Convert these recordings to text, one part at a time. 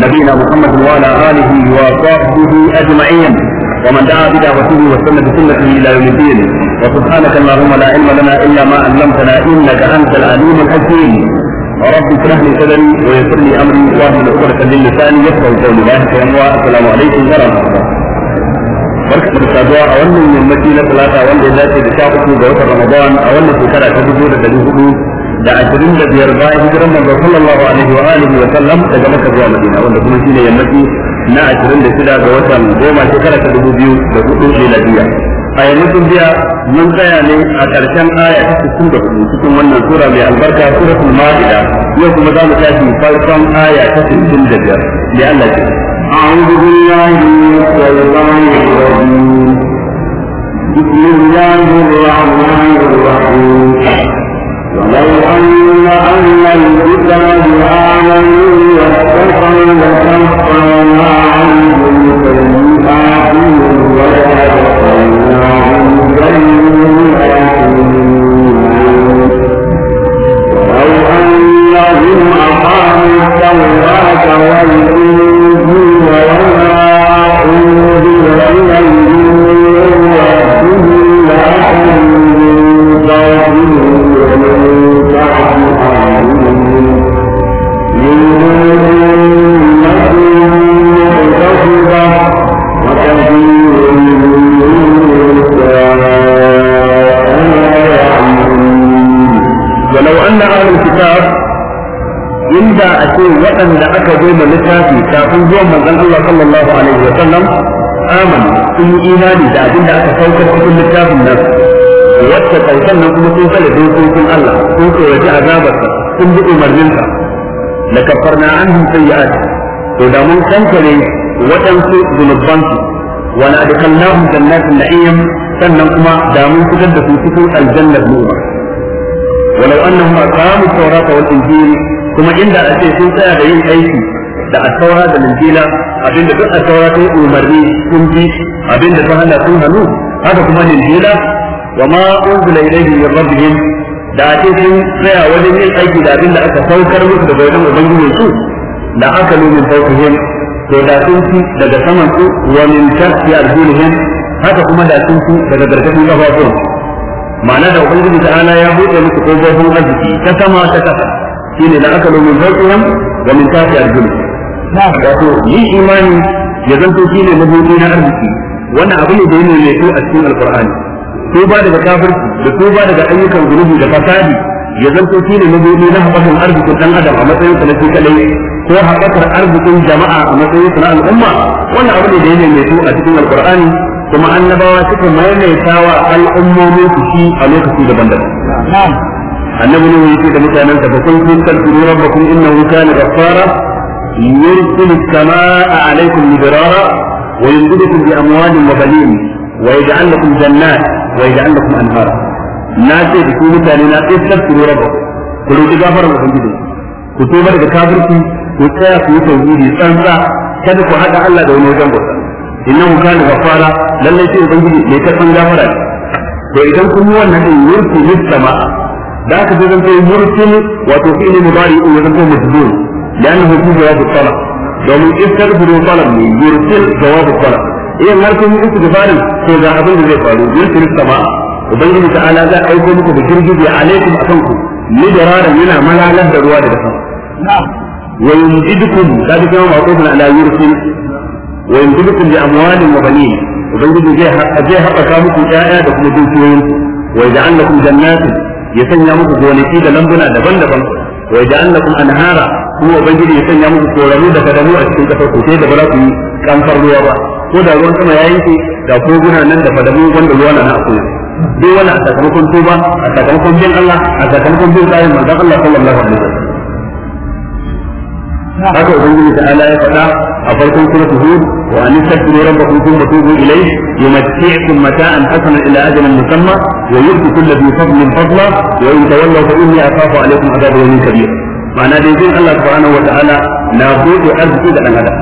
نبينا محمد وعلى آله وصحبه أجمعين ومن دعا بدعوته وسن بسنته إلى يوم الدين وسبحانك اللهم لا علم لنا إلا ما علمتنا إنك أنت العليم الحكيم رب اشرح لي صدري ويسر لي أمري واهل عقدة من لساني يفقهوا الله لا السلام عليكم ورحمة الله barka da saduwa a wannan yammaci na talata wanda ya dace da sha uku ga watan ramadan a wannan shekara ta dubu da dari hudu da ashirin da biyar bayan hijiran manzo sallallahu alaihi wa alihi wa sallam daga Makka zuwa Madina wanda kuma shine yammaci na ashirin da shida ga watan goma shekara ta dubu biyu da hudu miladiya a yanzu biya mun tsaya ne a ƙarshen aya ta cikin da hudu cikin wannan sura mai albarka suratul ma'ida yau kuma za mu tashi farkon aya ta cikin da biyar da Allah ke أعوذ بالله من الشيطان الرجيم بسم الله الرحمن الرحيم لو أن أهل الكتاب آمنوا واتقوا لكفرنا عنهم سيئاتهم ولأدخلناهم جنات لو أنهم kafin zuwan manzon Allah sallallahu alaihi wa sallam amana sun yi imani da abin da aka saukar cikin littafin nan wacce kautan nan kuma sun sale dokokin Allah sun tsoraci azabarsa sun bi umarninsa la kafarna anhum sayyi'at to da mun kankare waɗansu zunubansu wa la adkhalnahum jannatin na'im sannan kuma da mun fitar da su cikin aljannar nuna ولو انهم aqamu at-taurata wal ان kuma inda ake sun tsaya da yin aiki da asawara da linjila abinda duk asawara ta umarni sun ji abinda ta hana sun hannu haka kuma linjila wa ma unzila ilayhi min rabbihim da ake sun tsaya wajen yin aiki da abinda aka saukar musu daga wajen ubangiji su da aka lumin fawqihim to da sun ci daga saman su wa min tahti arjulihim haka kuma da sun ci daga gargadin kafafun, ma'ana da ubangiji ta ana ya buɗe musu kofofin arziki ta sama ta kasa shine da aka lumin fawqihim wa min tahti arjulihim wato yi imani ya zanto shi ne mabuɗi na arziki wannan abu ne da yana leto a cikin alkur'ani ba daga kafirci da ba daga ayyukan zunubi da fasadi ya zanto shi ne mabuɗi na haɓakan arzikin ɗan adam a matsayin sa na shi kaɗai ko haɓakar arzikin jama'a a matsayin sa na al'umma wannan abu ne da yana leto a cikin alkur'ani kuma annabawa suka maimaita wa al'ummomin su shi a lokaci daban-daban annabi ne yake da mutanen sa ba kun kun tarbiyu rabbakum innahu kana ghaffara يرسل السماء عليكم مدرارا ويمددكم بأموال وبنين ويجعل لكم جنات ويجعل لكم أنهارا ناسي بكل مثالي ناسي تذكروا ربكم كلوا تجافر وتنجدوا كتوبة لكافركم وتاكوا توجيدي سانسا كذب هذا الله دون وجن إنه كان غفارا لن يشيء وتنجدي ليتكم جافرا فإذا هو الذي يرسل السماء ذاك زي ما يرسل وتوفيه مضايق ويزنكم مسجون. لأنه في جواب الطلب لأنه يسأل في الطلب يرسل جواب الطلب إيه ما يكون يقول كفارم في ذا عبد قالوا يرسل السماء وبينه تعالى ذا أيكم كبشرجي عليكم أصلكم لدرار من عمل على الدرواد نعم وينجدكم ذلك يوم عطوفنا على يرسل وينجدكم بأموال وبنين وبين جي جي حق كامكم آية دخل دوكيون ويجعل لكم جنات يسنى مكو بوليكي دلنبنا دبن دبن ويجعل لكم أنهارا ko ubangiji ya sanya muku koramu da kadamu a cikin kasar kuke da ba za ku yi kamfar ruwa ba ko da ruwan sama ya yanke da koguna nan da fadamu wanda ruwa na na akwai duk wani a sakamakon tuba a sakamakon bin Allah a sakamakon bin tsarin manzon Allah sallallahu alaihi wasallam haka ubangiji ta ala ya faɗa a farkon suratul hud wa an tastaghfiru rabbakum thumma tubu ilayhi mata an hasanan ila ajalin musamma wa yu'ti kulli bi fadlin fadla wa in tawallaw fa inni kafa alaykum azabu wani kabir ma'ana dai jin Allah subhanahu wataala na gode arziki da dan adam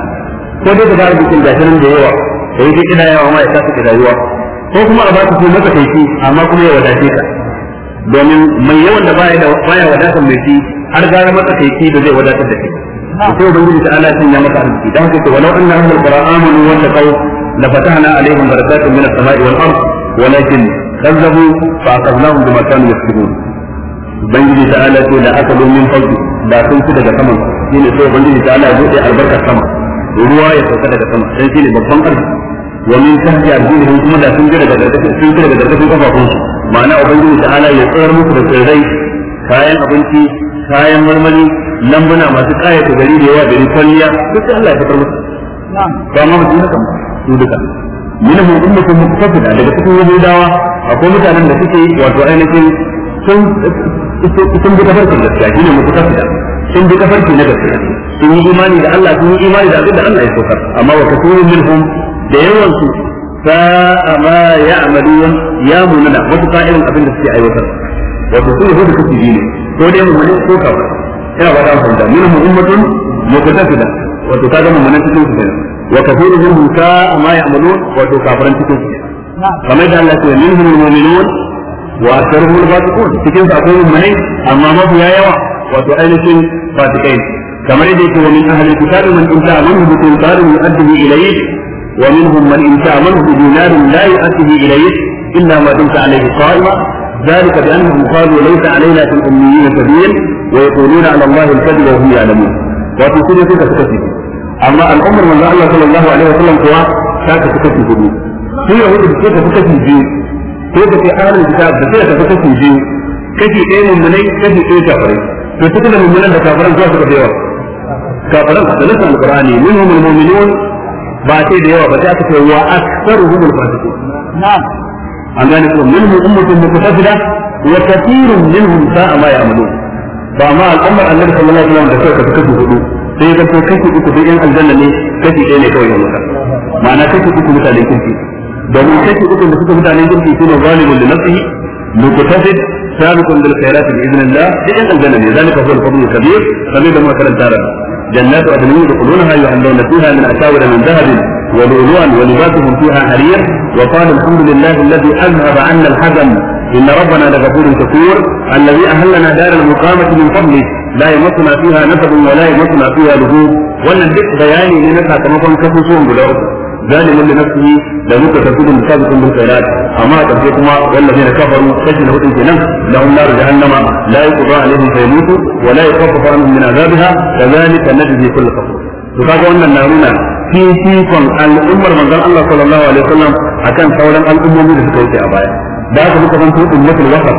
ko dai ka ba da gashi nan da yawa sai dai kina yawa ma ya kasa ka rayuwa ko kuma a ba ka kuma ka kai amma kuma ya wadace ka domin mai yawan da baya da baya wadatar mai shi har gara maka kai da zai wadatar da kai sai ubangiji ta Allah ya maka arziki dan haka ce walau anna ahlul wa taqaw la fatahna alaihim barakatun as samai wal ard walakin kazzabu fa aqadnahum bima kanu yasbun ubangiji ta Allah ce la akalu min fawqihim da sun fi daga shi ne sai ubangiji da ala ya bude albarkar sama ruwa ya sauka daga sama sai ne babban arziki wa min tahti arjulihim kuma da sun fi daga sun fi daga kafafun su ma'ana ubangiji da ala ya tsayar musu da tsirrai kayan abinci kayan marmari lambuna masu kayata gari da yawa gari kwalliya duk Allah ya fitar musu ba ma mutum haka su duka minhum ummatun muqtasida daga cikin yahudawa akwai mutanen da suke wato ainihin sun sun bi tafarkin gaskiya shi ne mutu kafida sun bi tafarki na gaskiya sun yi imani da Allah sun yi imani da abin da Allah ya saukar amma wa kasurun minhum da yawan su sa'a ma ya'malun ya munana wasu ka'irin abin da suke aiwatar wato sun yi hudu biyu ne ko dai mu ne ko kafa ina ba da fahimta minhum ummatun mutakafida wato kaga mun nan cikin su kenan wa kasurun minhum sa'a ma ya'malun wato kafaran cikin su kamar da Allah ya ce minhum mu'minun وأكثرهم الفاسقون تكين فأقول مني أما ما يا يايوا وتو أينسون فاسقين كما يجيك ومن أهل الكتاب من إن منه بتنصار يؤده إليه ومنهم من إن منه بدينار لا يؤده إليه إلا ما دمت عليه قائمة ذلك بأنهم قالوا ليس علينا في الأميين سبيل ويقولون على الله الكذب وهم يعلمون وفي سنة تكتسب أما الأمر من الله صلى الله عليه وسلم قوى كانت تكتسب في يهود كيف تكتسب ko ka ce ahlul kitab da sai ka tafi kashi biyu kashi ɗaya mummunai kashi ɗaya kafirai to suka da mummunan da kafiran zuwa suka da yawa kafiran da nasu alqur'ani minhum almu'minun ba sai da yawa ba sai aka ce wa aktsaruhum alfasiqun na'am an gane ko minhum ummatun muqtasida wa kathirun minhum sa'a ma ya'malun ba ma al'ummar annabi sallallahu alaihi wasallam da suka tafi kashi hudu sai ga kashi uku da yan aljanna ne kashi ɗaya ne kawai ya mutu ma'ana kashi uku mutanen kirki da mun kashe duka da suka mutane jirgi su ne zalimin da nasihi بإذن sabiqun bil khairat bi idnillah idan aljanna ne zalika huwa al-fadl al-kabir جنات عدن يدخلونها يحلون فيها من أساور من ذهب ولؤلؤا ولباسهم فيها حرير وقال الحمد لله الذي أذهب عنا الحزن إن ربنا لغفور كفور الذي أهلنا دار المقامة من فضله لا يمسنا فيها نسب ولا يمسنا فيها لهوب ولا الدق بياني لنسعة مطن كفصون بالأرض ظالم لنفسه لم يكن تكون مسابقا بالخيرات اما تبقي والذين كفروا تجد لهم نفس لهم نار جهنم لا يقضى عليهم فيموتوا ولا يخفف عنهم من عذابها كذلك نجزي كل كفر تقاضى ان النارون في سيكون الامر من قال الله صلى الله عليه وسلم اكان قولا الامم من ذكرت ابايا ذاك مكفن في امه الوسط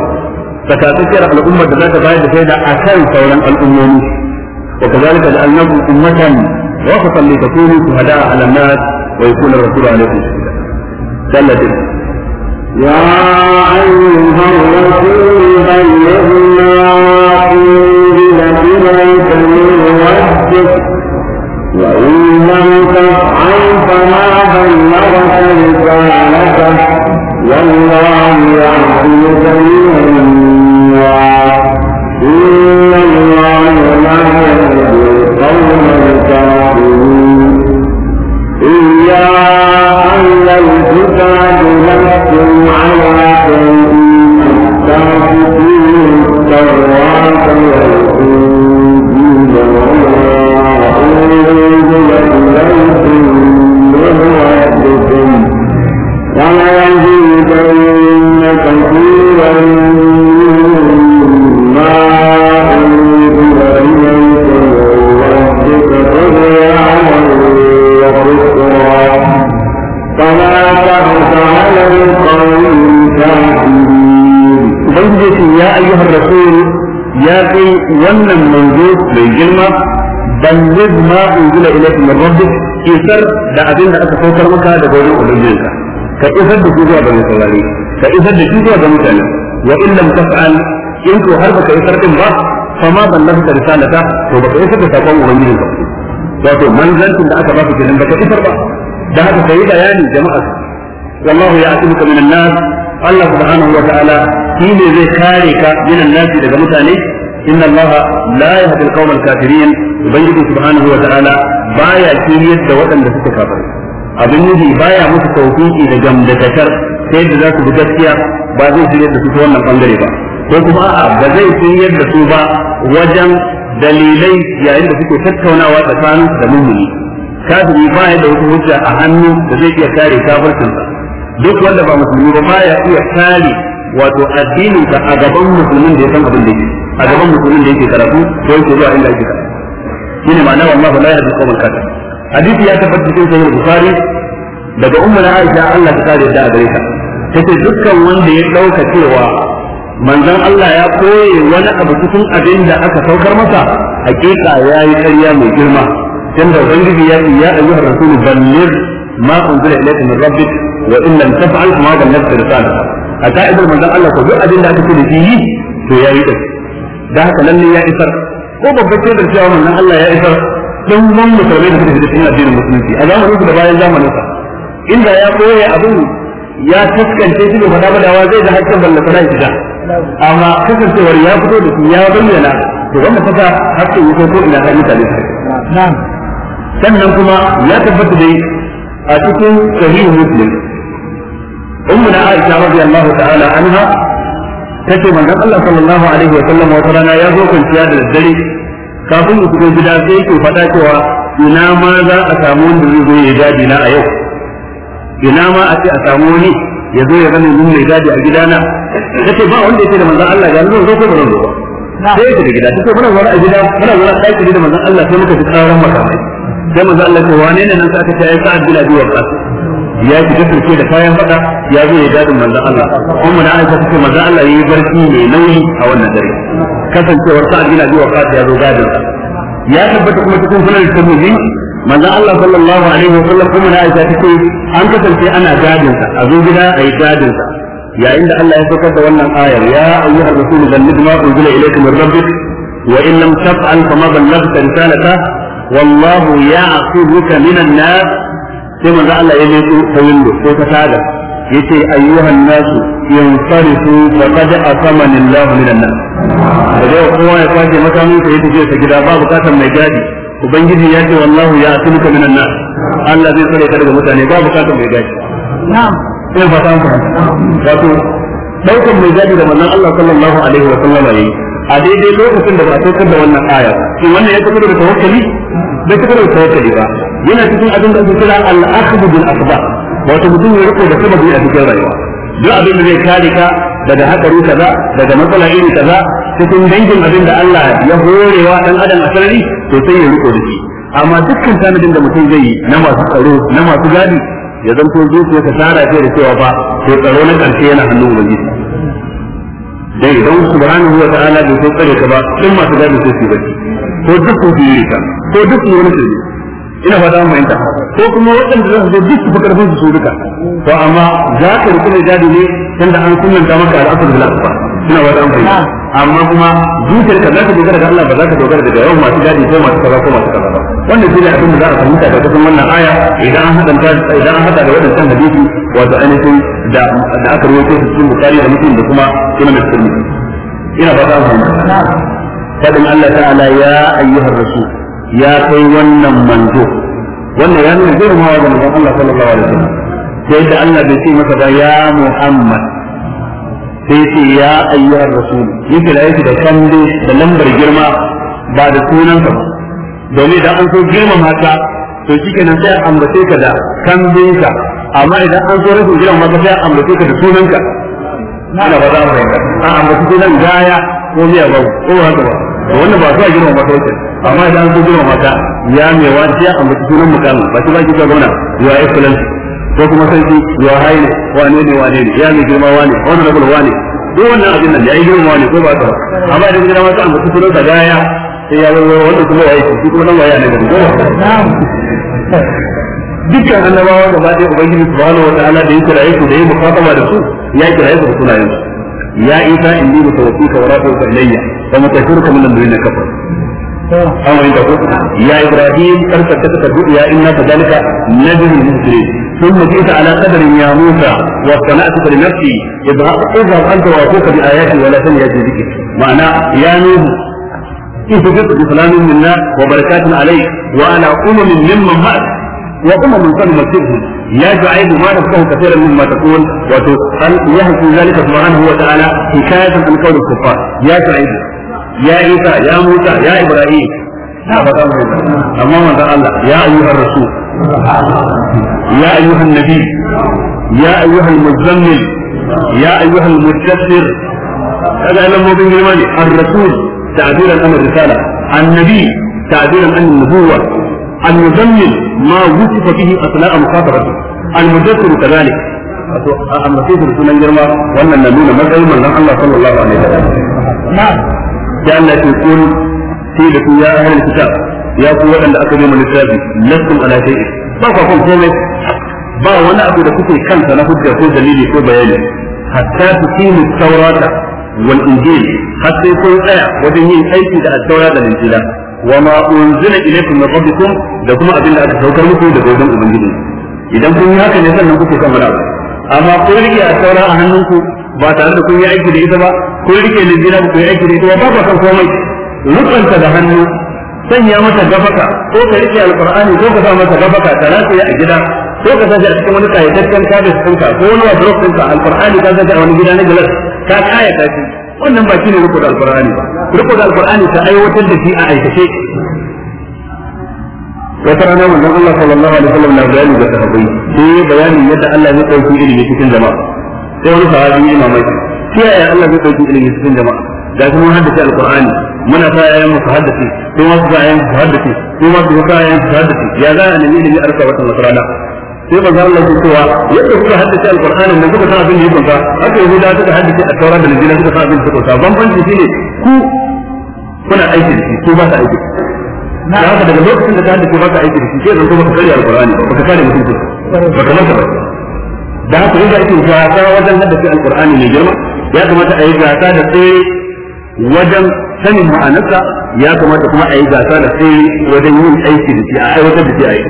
فكاتكر الامه ذات بايد الشهيد اكان قولا الامم وكذلك جعلناكم امه وسطا لتكونوا شهداء على الناس ويكون الرسول عليه الصلاة السلام سلت يا أيها الرسول بلغ ما لك إليك من ربك وإن لم تفعل فما بلغت رسالته والله يعصمك من الناس إن الله لا يهدي القوم الكافرين إيه يا أهل الكتاب لستم على شيء حتى تؤتوا isar da abin da aka saukar maka daga wajen ubangijinka ka isar da shi zuwa ga mutane ka isar da shi zuwa ga mutane wa in lam taf'al in ko har baka isar din ba fa ma ballagta risalata to baka isar da sakon ubangijinka wato manzancin da aka baka kenan baka isar ba da haka kai bayani jama'a wallahu ya'tibuka minan nas Allah subhanahu wa ta'ala shi ne zai kare ka minan nas daga mutane inna Allah la yahdi al-qawma al-kafirin ubangiji subhanahu wa ta'ala baya kiriyar da waɗanda suka kafar abin yi baya musu tawfiki da gamdakatar sai da za su bi gaskiya ba zai kiriyar da su ta wannan bangare ba ko kuma a'a ba zai kiriyar da su ba wajen dalilai yayin da suke tattaunawa tsakanin da mummuni kafiri baya da wata hujja a hannu da zai iya kare kafircinsa duk wanda ba musulmi ba baya iya kare wato addinin ka a gaban musulmin da ya san abin da yake a gaban musulmin da yake karatu ko yake zuwa inda yake karatu shine ma'ana wallahu la yahdi al-qawm al hadisi ya tabbata cikin sahih bukhari daga ummu aisha Allah ta kare da gare ta tace dukkan wanda ya dauka cewa manzon Allah ya koye wani abu cikin abin da aka saukar masa hakika yayi ƙarya mai girma tunda ubangiji ya yi ya ayyuhar rasul balligh ma unzila ilayka min rabbik wa in lam taf'al fa ma ballagta risalata a ka'idar manzon Allah ko duk abin da aka ce da shi to yayi da haka lalle ya isar ko babban shaidar cewa wannan Allah ya isa dan ban musulmai da suke cikin addinin musulunci a zamanin su da bayan zamanin sa inda ya koye abin ya taskance shi da faɗa badawa zai da hakkin ballata na ita amma kasancewar ya fito da shi ya bayyana to wanda fata hakkin ya ko ina sai mutane su sannan kuma ya tabbata dai a cikin sahihu muslim ummuna aisha radiyallahu ta'ala anha kace manzon Allah sallallahu alaihi wa sallam wata rana ya zo kwanciya da daddare kafin mu fito gida sai yake faɗa cewa ina ma za a samu wanda zai zo ya gadi na a yau ina ma a ce a samu wani ya zo ya zama mun mai gadi a gidana kace ba wanda yake da manzon Allah ga zo zo ko ba zo ba sai yake da gida kace muna zuwa a gida muna zuwa ɗaki da manzon Allah sai muka fi tsaron makamai sai manzon Allah ce wane ne nan sai aka ce ai sa'ad bin abi waqas ya ki gaske da kayan fada ya zo ya dadin manzon Allah kuma da Aisha take manzon Allah yayi barci mai nauyi a wannan dare kasancewar sa'ad bin Abi Waqqas ya zo gadin ya tabbata kuma cikin sunan Tirmidhi manzon Allah sallallahu alaihi wa sallam kuma da Aisha take an kasance ana gadin sa a zo gida ayi gadin sa yayin da Allah ya saukar da wannan ayar ya ayyuhar rasulu balligh ma unzila ilayka min rabbik wa in lam taf'al fama ballaghta risalata wallahu ya'simuka minan nas sai manzo Allah ya leƙo ta windo ko ta taga yace ayyuhan nasu yanfarisu faqad asamani Allah minan nas da kowa ya kwace makamin sa yace ta gida ba bukatar mai gadi ubangiji ya ce wallahu ya asimuka minan nas Allah zai tsare ka daga mutane ba bukatar mai gadi na'am sai ba san wato daukan mai gadi da manzon Allah sallallahu alaihi wa sallam yayi a daidai lokacin da ba a saukar da wannan aya shi wannan ya tafi da tawakkali bai tafi da tawakkali ba yana cikin abin da ake kira al-akhdhu bil asbab wato mutum ya riko da sababi a cikin rayuwa duk abin da zai kare ka daga hakari kaza daga matsala iri kaza cikin dangin abin da Allah ya horewa dan adam a sarari to sai ya riko da shi amma dukkan tanadin da mutum zai yi na masu tsaro na masu gadi ya zanto zuciya ta tsara ce da cewa ba to tsaro na karshe yana hannun ubangiji dai idan subhanahu wa ta'ala bai so tsare ka ba sun masu gadi sai su bacci ko duk su yi ka ko duk su wani ina fata mun fahimta ko kuma waɗanda za su zo duk su karfin su duka to amma za ka rufe ne gadi ne tunda an ta maka al'asar da lafiya ina fata mun fahimta amma kuma zuciyar ka za ka dogara da Allah ba za ka dogara da yawan masu gadi ko masu kaza ko masu kaza ba wannan shi ne a da za a fahimta da cikin wannan aya idan an hada idan an hada da waɗannan hadisi wato ainihin da da aka rawaito su cikin bukari da muslim da kuma sunan tirmidhi ina fata mun fahimta fadin Allah ta'ala ya ayyuhar rasul ya kai wannan manzo wannan ya nuna girmawa ga manzon Allah sallallahu alaihi wasallam sai da Allah bai ce masa ba ya Muhammad sai ce ya ayyuhar rasul yake da yake da kande da lambar girma ba da sunanka ba domin idan an so girma mata to nan sai ambace ka da ka amma idan an so rashin girma mata sai ambace ka da sunanka ana ba za mu fahimta an ambace sunan gaya ko miya ba ko ba to wannan ba su a girma mata wajen amma idan ku zo mata ya mai wajiya a mutum sunan mukan ba shi ba ki gona ya excellency ko kuma ki ya haine wane ne wane ne ya mai girma wane wani rabul wane duk wannan abin nan ya yi girma wane ko ba ta amma idan gina mata a mutum sunan sa gaya sai ya zo wanda kuma ya yi shi kuma nan waya ne da ko dukkan annabawa gaba ɗaya ubangiji subhanahu wataala da ya kiraye su da yake mukatama da su ya kiraye su da sunayen su ya isa inni mutawaffika wa rafi'uka ilayya wa mutahhiruka min alladhina kafa. أو عنده يا إبراهيم أنت كتبت الرؤيا إنا كذلك نجم المسلمين ثم جئت على قدر يا موسى واصطنعتك لنفسي اذهب أنت وأخوك بآياتي ولا تنهي ذكري معنى يا نوح اهبط بسلام منا وبركات عليك وأنا أمم ممن معك وأمم قد مسكهم يا شعيب ما تفقه كثيرا مما تقول وتقول يهدي ذلك سبحانه وتعالى حكاية عن قول الكفار يا شعيب ya isa ya musa ya ibrahim na faɗa mai amma manzon Allah ya ayyuhar rasul ya ayyuhar nabi ya ayyuhar muzammil ya ayyuhar mudaththir kaga nan mabin girma ne ar-rasul ta'abiran an risala annabi ta'abiran an nubuwa al-muzammil ma wusifa bihi asna'a muqatabati al-mudaththir kadhalik wato a amsa sunan girma wannan na nuna matsayin manzon Allah sallallahu alaihi wasallam na'am da Allah ke kun sai da ku ya ahlul kitab ya ku waɗanda aka nemi littafi lakum ala shay'in ba ku kan komai ba wani abu da kuke kansa na hujja ko dalili ko bayani hatta su kinu taurata wal injil har sai kun wajen yin aiki da at-taura da injila wa ma unzila ilaykum min rabbikum da kuma abin da aka saukar muku idan yi haka ne sannan kuke kan wani abu amma a taura a ba tare da kun yi aiki da ita ba kun rike linjina ba kun yi aiki da ita ba ba san komai rukunta da hannu sanya mata gafaka ko ka rike alqur'ani ko ka sa mata gafaka ta rasu a gida ko ka sa shi a cikin wani kayataccen kabis ɗinka ko wani wadrop ɗinka alqur'ani ka sa a wani gida na gilas ka kaya kayata shi wannan ba shine rukunta alqur'ani ba rukunta alqur'ani ta aiwatar da shi a aikace wata rana manzon Allah sallallahu alaihi wasallam na bayani da sahabbai sai bayani yadda Allah ya dauki ilimi cikin jama'a sai wani sahabi ya mamaki yaya Allah zai dauki ilimi cikin jama'a ga kuma haddace alqur'ani muna sa yayan mu haddace sai wasu sa yayan su haddace sai wasu sa yayan su haddace ya za a nemi ilimi arka wata sai ba za Allah cewa yadda kuka haddace alqur'ani kuka sa da ya kunta haka yahuda suka haddace a da injila sa bambanci shine ku kuna aiki da shi ko ba aiki da haka daga lokacin da ka haddace ba ka aiki da shi sai zan zo alqur'ani ba kare ba da haka yadda ake gasa wajen haddace alqur'ani mai girma ya kamata a yi gasa da tsere wajen sanin ma'anarsa ya kamata kuma a yi gasa da tsere wajen yin aiki da shi a aiwatar da shi a yi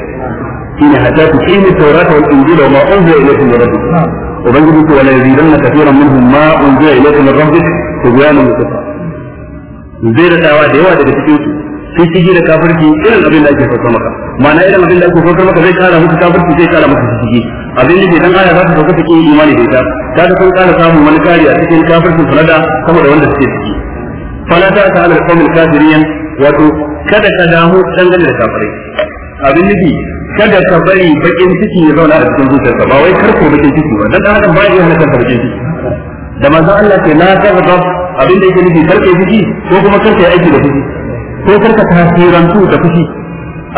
shine hatta ku shine tawrata wal injila ma unzila ilaykum min rabbikum ubangiji ko wala yazidanna kathiran minhum ma unzila ilaykum min rabbikum tubyanan mutasawwa zai da dawa da yawa daga cikin su fitigi da kafirci irin abin da ake sauka maka ma'ana irin abin da ake sauka maka zai kara muku kafirci zai kara muku fitigi abin da ke dan aya za ta sauka take imani da ita ta ta san kara samun wani kari a cikin kafircin su da sama da wanda suke ciki fala ta ta ala kawmin kafiriyan wato kada ka damu dangane da kafirai abin nufi kada ka bari bakin ciki ya zauna a cikin zuciyarka ba wai karko bakin ciki ba dan adam ba ya hana bakin ciki da manzon Allah ke na kaza abin da yake nufi karfe ciki ko kuma karka aiki da ciki sai karka tasirantu da fushi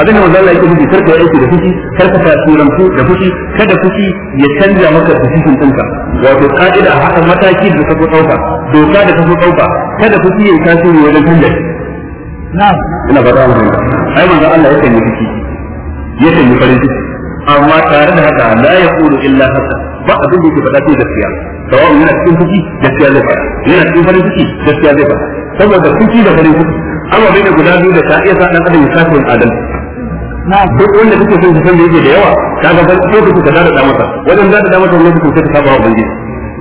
abinda manzo Allah yake nufi karka aiki da fushi karka tasirantu da fushi kada fushi ya canja maka decision ɗinka wato ka'ida a haka mataki da ka ɗauka doka da ka ɗauka kada fushi ya tasiri wajen canja na'am ina ba ta mun ai manzo Allah ya nufi fushi yake nufi farin ciki amma tare da haka la yaqulu illa haka ba abin da yake faɗa ce gaskiya sawa'un yana cikin fushi gaskiya zai faɗa yana cikin farin ciki gaskiya zai faɗa saboda fushi da farin ciki bai ne guda biyu da ta iya sa dan adam ya saka adal duk wanda kake son san da yake da yawa ka ga ban ko kuka da da masa wajen da da masa wannan kuka ta ba wa bangi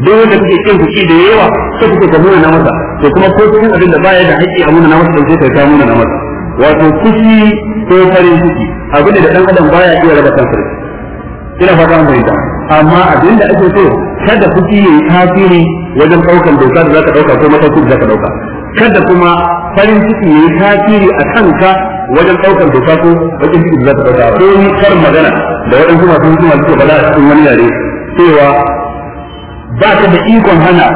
duk wanda kake kin kuki da yawa sai kuka ta nuna masa to kuma ko cikin abin da baya da haƙƙi a nuna na masa dauke ka ta nuna na masa wato kuki ko farin kuki. abin da dan adam baya iya raba kansa ina fata mun fahimta amma abin da ake so kada kuki yayi tasiri wajen daukar doka da zaka dauka ko mataki da zaka dauka kada kuma farin ciki ne tasiri a kanka wajen ɗaukar doka ko wajen ciki da za ta ɗauka ko ni karin magana da waɗansu masu hikima suke bala a cikin wani yare cewa ba ka da ikon hana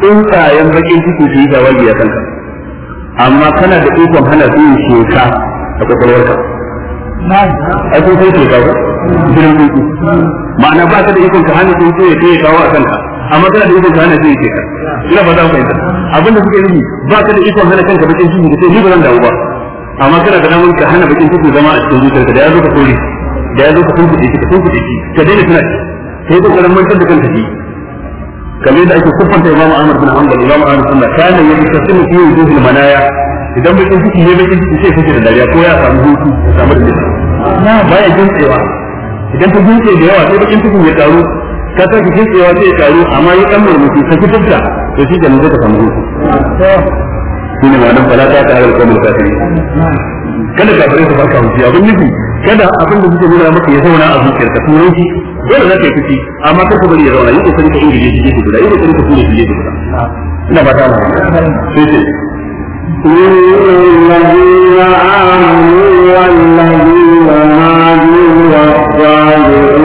tsuntsayen bakin ciki su yi zawagi a kanka amma kana da ikon hana su yi sheka a kwakwalwarka a kun sai sheka ko ma'ana ba ka da ikon ka hana tsuntsu ya ce kawo a kanka amma kana da ikon ka hana sai ke ka ina ba za ku fahimta abin da suke yi ba ka da ikon hana kanka bakin ciki ka sai ni ba zan dawo ba amma kana da namun ka hana bakin ciki zama a cikin zuciyarka da ya zo ka kore da ya zo ka tunkuɗe shi ka da shi ka daina tuna shi sai ka karan mantar da kanka shi kamar yadda ake kuffanta imamu ahmad bin hanbal imamu ahmad Hanbal kana yastasimu fi wujuhil manaya idan bakin ciki ne bakin ciki sai kake da dariya ko ya samu hutu ya samu da baya jin tsewa idan ta gunce da yawa sai bakin cikin ya karu ka sa ki kitsewa sai taru amma yi dan murmushi ka fitar da to shi da zai ka samu hutu shi ne ma'anar fala ta tare da ta kafiri kada ka kafirai su farka hutu abin nufi kada abin da suke nuna maka ya zauna a zuciyar ka turai shi dole za ka yi fiti amma kar ka bari ya zauna yi sani ka ingije shi gefe guda yi sani ka kula shi gefe guda ina ba ta ma sai sai الذين آمنوا والذين هادوا والصالحين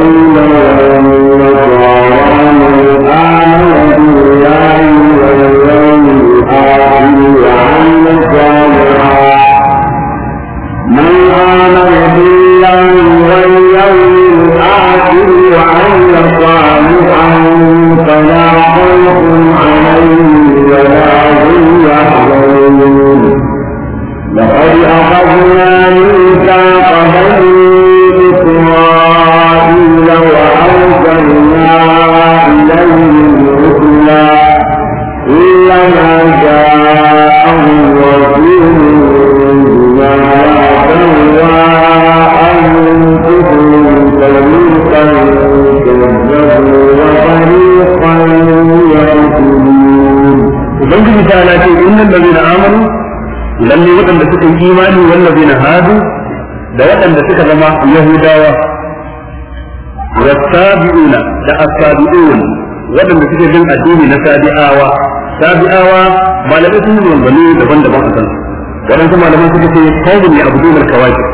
yahudawa wa tabi'una da asabi'un wadanda suke bin addini na Sabi'awa. Sabi'awa malamai sun yi wangwani daban-daban a kan wadansu malaman suka ce kawun ya abudu da kawaki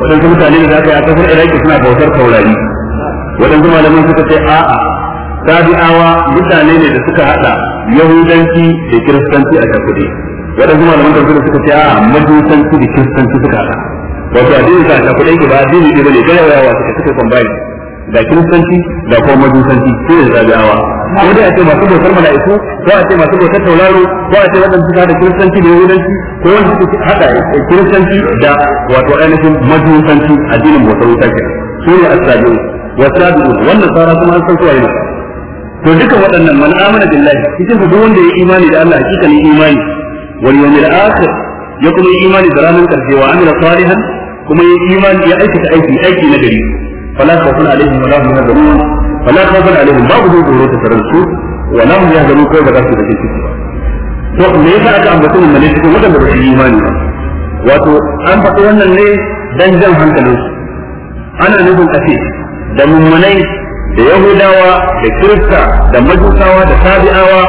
waɗansu mutane da aka yi a kasar iraki suna bautar taurari waɗansu malamai suka ce a'a Sabi'awa mutane ne da suka haɗa yahudanci da kiristanci a kafure wadansu malaman da suka ce a'a majusanci da kiristanci suka haɗa. wato addinin sa ta kudai ba addini ne bane kai yawa suka suka combine da kiristanci da kuma majusanci su ne zabiyawa ko dai a ce masu bautar mala'iku ko a ce masu bautar tauraro ko a ce wadanda suka hada kiristanci da yahudanci ko wanda suka hada kiristanci da wato ainihin majusanci addinin bautar wuta kenan su ne asabiyu wasabiyu wannan sara kuma an san su ayyuka to duka waɗannan man amana billahi cikin su duk wanda ya imani da Allah hakikanin imani wal yawmil akhir ya kuma imani da ranar karshe wa amila salihan kuma ya imani ya aikata aiki aiki na gari fala khawfun alaihim wala hum yahzanun fala khawfun alaihim babu zai tsoro ta tarar su wala hum yahzanun kai ba za su dace ciki to me yasa aka ambaci mun ne cikin wadanda da su imani ba wato an faɗi wannan ne dan jan hankalin su ana nufin kace da mummunai da yahudawa da kirista da majusawa da sabi'awa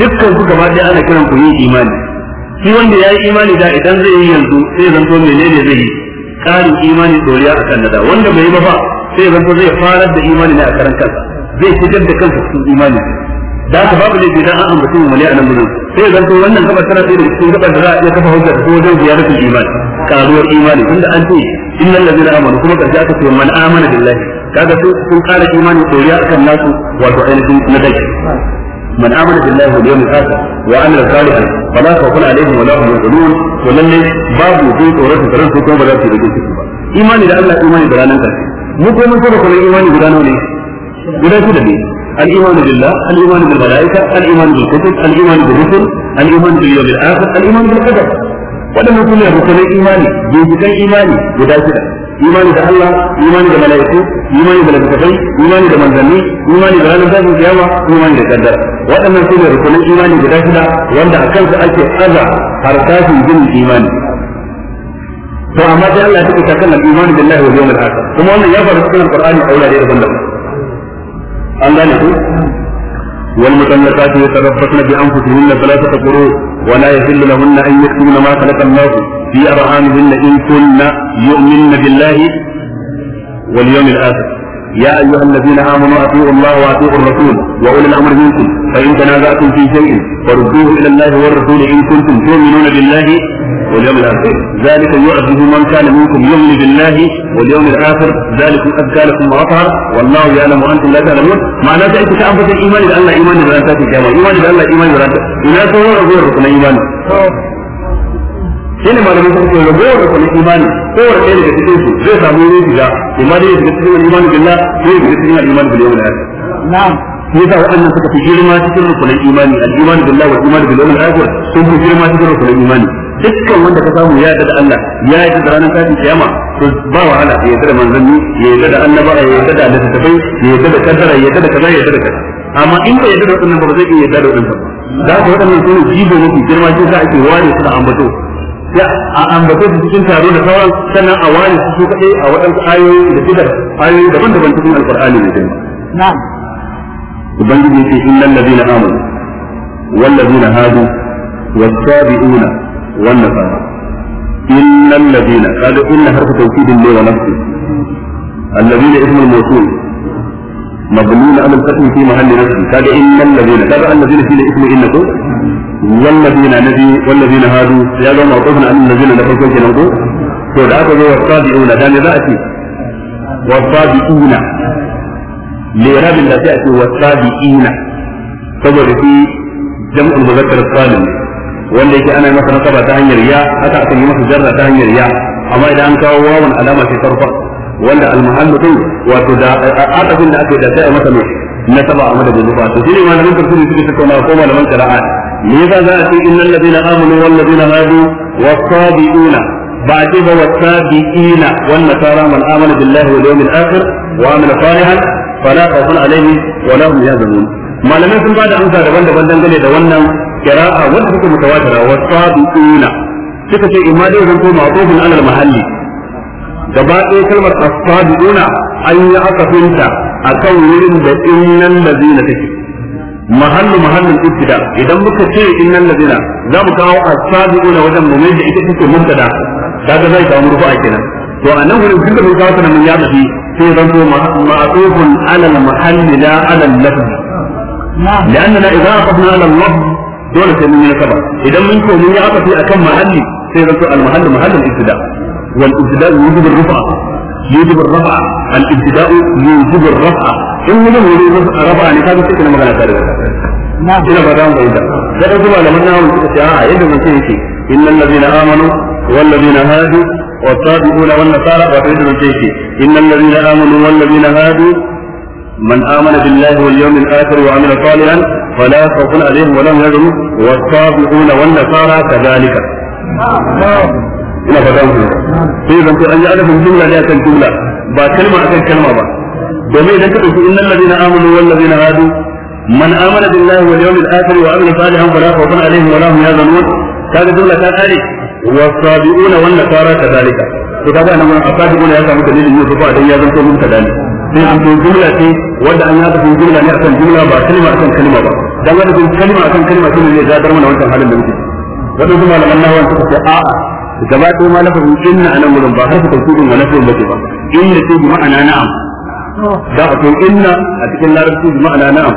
dukkan su gaba ɗaya ana kiran ku yin imani shi wanda ya yi imani da idan zai yi yanzu sai zanto menene zai yi karin imani doriya akan nada wanda bai yi ba fa sai zanto zai fara da imani ne a karan kansa zai fitar da kansa cikin imani da haka babu ne bidan an mutum mu ne a nan gurin sai zanto wannan gaba tana da cikin gaba da za a iya kafa hujja ko zai wajen ziyaratul imani karuwar imani inda an ce innal ladina amanu kuma karshe aka ce man amana billahi kaga su sun kara imani doriya akan nasu wato ainihin na dai man amana billahi wal yawmil akhir wa amila salihan fala khawfun alaihim wala hum yahzanun to lalle babu jin tsoron su ran su kuma ba za su yi da ba imani da Allah imani da ranar karshe mu ko mun saba kullun imani guda nawa ne guda shi da ne al-iman billah al-iman bil malaika al-iman bil kutub al-iman bil rusul al-iman bil yawmil akhir al-iman bil qadar wadannan imani imani imani da Allah imani da imani da imani da manzanni imani da ranar zafin kiyama imani da kaddar waɗannan su ne rukunin imani guda shida wanda a kansu ake aza harsashin jin imani to amma sai Allah ya take kan al-iman billahi wal yawmil akhir kuma wannan ya faru cikin alqur'ani a wurare daban-daban an gane ku والمطلقات يتربصن بانفسهن ثلاثه قروء ولا يحل لهن ان يكتمن ما خلق الله في ارحامهن ان كن يؤمن بالله واليوم الاخر يا أيها الذين آمنوا أطيعوا الله وأطيعوا الرسول وأولي الأمر منكم فإن تنازعتم في شيء فردوه إلى الله والرسول إن كنتم تؤمنون بالله واليوم الآخر ذلك يعزه من كان منكم يؤمن بالله واليوم الآخر ذلك أزكى لكم وأطهر والله يعلم وأنتم لا تعلمون معناه أنت كأنفس الإيمان لأن إيمان برانتات الجامعة إيمان بالله إيمان برانتات إذا سوى رسول الرسول إيمان shi ne malamin sun ce da rukunin imani kowane ɗaya daga cikin su zai samu yin shiga imani ya shiga cikin imani billah ko ya shiga cikin imani billah wala yasa na'am shi yasa waɗannan suka fi girma cikin rukunin imani al-imani billah wal imani bil yawmil akhir sun fi girma cikin rukunin imani dukkan wanda ka samu ya da Allah ya yi da ranar kafin kiyama to ba wahala ya yarda da manzanni ya yarda da annaba ya yarda da littattafai ya yarda da kaddara ya yarda da kaza ya yarda da kaza amma in ba yarda da wannan ba zai iya yarda da wannan ba da haka waɗannan sun jibo mafi girma shi za a ke ware su ambato sai a ambace su cikin taro da sauran sannan a ware su su kaɗai a waɗansu ayoyi da fitar ayoyi daban-daban cikin alƙur'ani mai girma. Na'am. Ubangiji ce innal ladina amanu wal ladina hadu was sabiuna wan nasara innal ladina kaga inna harfu tawkidin ne wa nafsi alladina ismul mawsul مبنون على الفتح في محل نفسه كذا ان الذين كذا الذين في اسم انكم والذين نبي والذين هادوا يا زما وقفنا أن الذين نفرقوا كنا نقول to da aka zo wasabi'una da ne za a ce wasabi'una lirabin da sai a ce wasabi'ina saboda shi jam'ul muzakkar salim wanda yake ana masa nasaba ta hanyar ya haka aka yi masa jarra ta hanyar ya amma idan an kawo wawan alama ce farfa wanda almuhallu wato da aqafin da ake da sai a masa mai nasaba a madadin rufa shi ne suke tattauna ko malaman qira'a me yasa za a ce innal ladina amanu wal ladina hadu was-sabiuna ba a ce ba was-sabiina wan nasara man billahi wal yawmil akhir wa amila salihan fala khawfun alaihim wa la hum malamai sun bada amsa daban-daban dangane da wannan kira'a wanda suke mutawatira was-sabiuna suka ce ko alal gaba ɗaya kalmar as-sabiuna an yi akafinta kan wurin da innan ladina take محل محل الابتداء اذا مكتشف ان الذين لم كانوا السابقون وجم مميز اذا كنت مبتدا هذا زي تامر فاكنا وانه لو كنت مزاتنا من يامه في ظن معطوف على المحل لا على اللفظ لاننا اذا اخذنا على اللفظ دون سبيل من الكبر اذا منكم من يعطفي اكم محل في ظن المحل محل الابتداء والابتداء يوجب الرفعه يوجب الرفعه الابتداء يوجب الرفعه in mutum ya rubu a raba ne ka zuke magana tare na kuma ba dan bayyana da kan kuma da manna mun suka ce a yadda mun ce yake innal ladina amanu wal ladina hadu wa tabi'una wan nasara wa ta yadda mun ce yake innal ladina amanu wal ladina hadu man amana billahi wal yawmil akhir wa amila salihan fala khawfun alaihim wa lam yahzun wa tabi'una wan nasara kadhalika ina ba dan bayyana sai dan ce an yi alafin jumla ne akan jumla ba kalma akan kalma ba domin idan ka dauki innal ladina amanu wal ladina hadu man amana billahi wal yawmil akhir wa amila salihan fala khawfun alaihim wa la hum yahzanun kaga dole ta kare wasabi'una wan nasara kadalika to kaga nan wannan asabi'una ya samu dalilin yau ba dan ya zanto mun kadalika sai an to jumla ce wanda an yaka sun jumla ne akan jumla ba kalma akan kalma ba dan wanda sun kalma akan kalma shine zai gadar mana wannan halin da muke wadansu malaman nawa suka ce a'a gaba ɗaya ma lafazin inna anan gurin ba har su tafsirin wa nafiyun ba inna ce bi ma'ana na'am da akwai inna a cikin larabci bi ma'ana na'am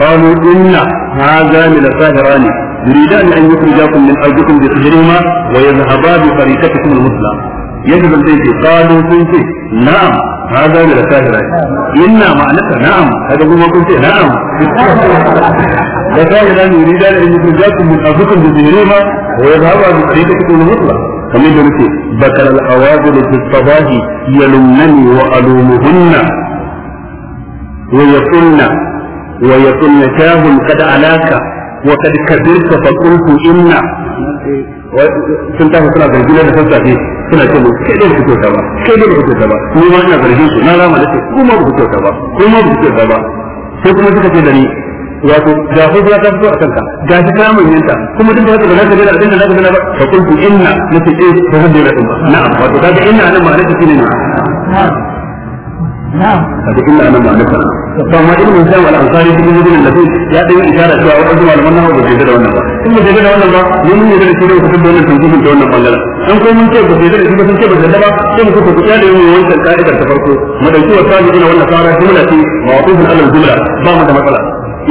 qalu inna hadha min sahirani yuridan an yukhrijakum min ardikum bi sihrihima wa yadhhaba bi tariqatikum al-musla yadda zan sai qalu sun ce na'am hadha min sahirani inna ma'anata na'am kaga kuma kun ce na'am da sahirani yuridan an yukhrijakum min ardikum bi sihrihima wa yadhhaba bi tariqatikum al-musla kamar da nake bakar al-awadil fi sabahi yalumnani wa alumuhunna ويقولن ويقولن شاه قد علاك وقد كبرت فقلت إن sun tafi suna zargi na da sassafe suna ce kai dai ku ba kai dai ku ba ni ma ina zargin su na rama da ce ku ma ku kyauta ba ku ma ku kyauta ba sai kuma suka ce da ni wato ga ko ya ta fito a kanka ga shi ta mun yanta kuma duk da haka ba za ka ga abin kaga illa nan ba nufa to amma ilmin sai wal ansari cikin mutum da ya dai ishara cewa wadansu malaman nawa a su da wannan ba in ba da wannan ba ne mun yi da shi da kusa da wannan tunkusun da wannan bangaren an ko mun ce ba su da shi ba sun ce ba su da ba sai mu kuka kuya da yin wancan ka'idar ta farko mu dauki wa sabiqin wannan fara jumla ce mawqufun alal jumla ba mu da matsala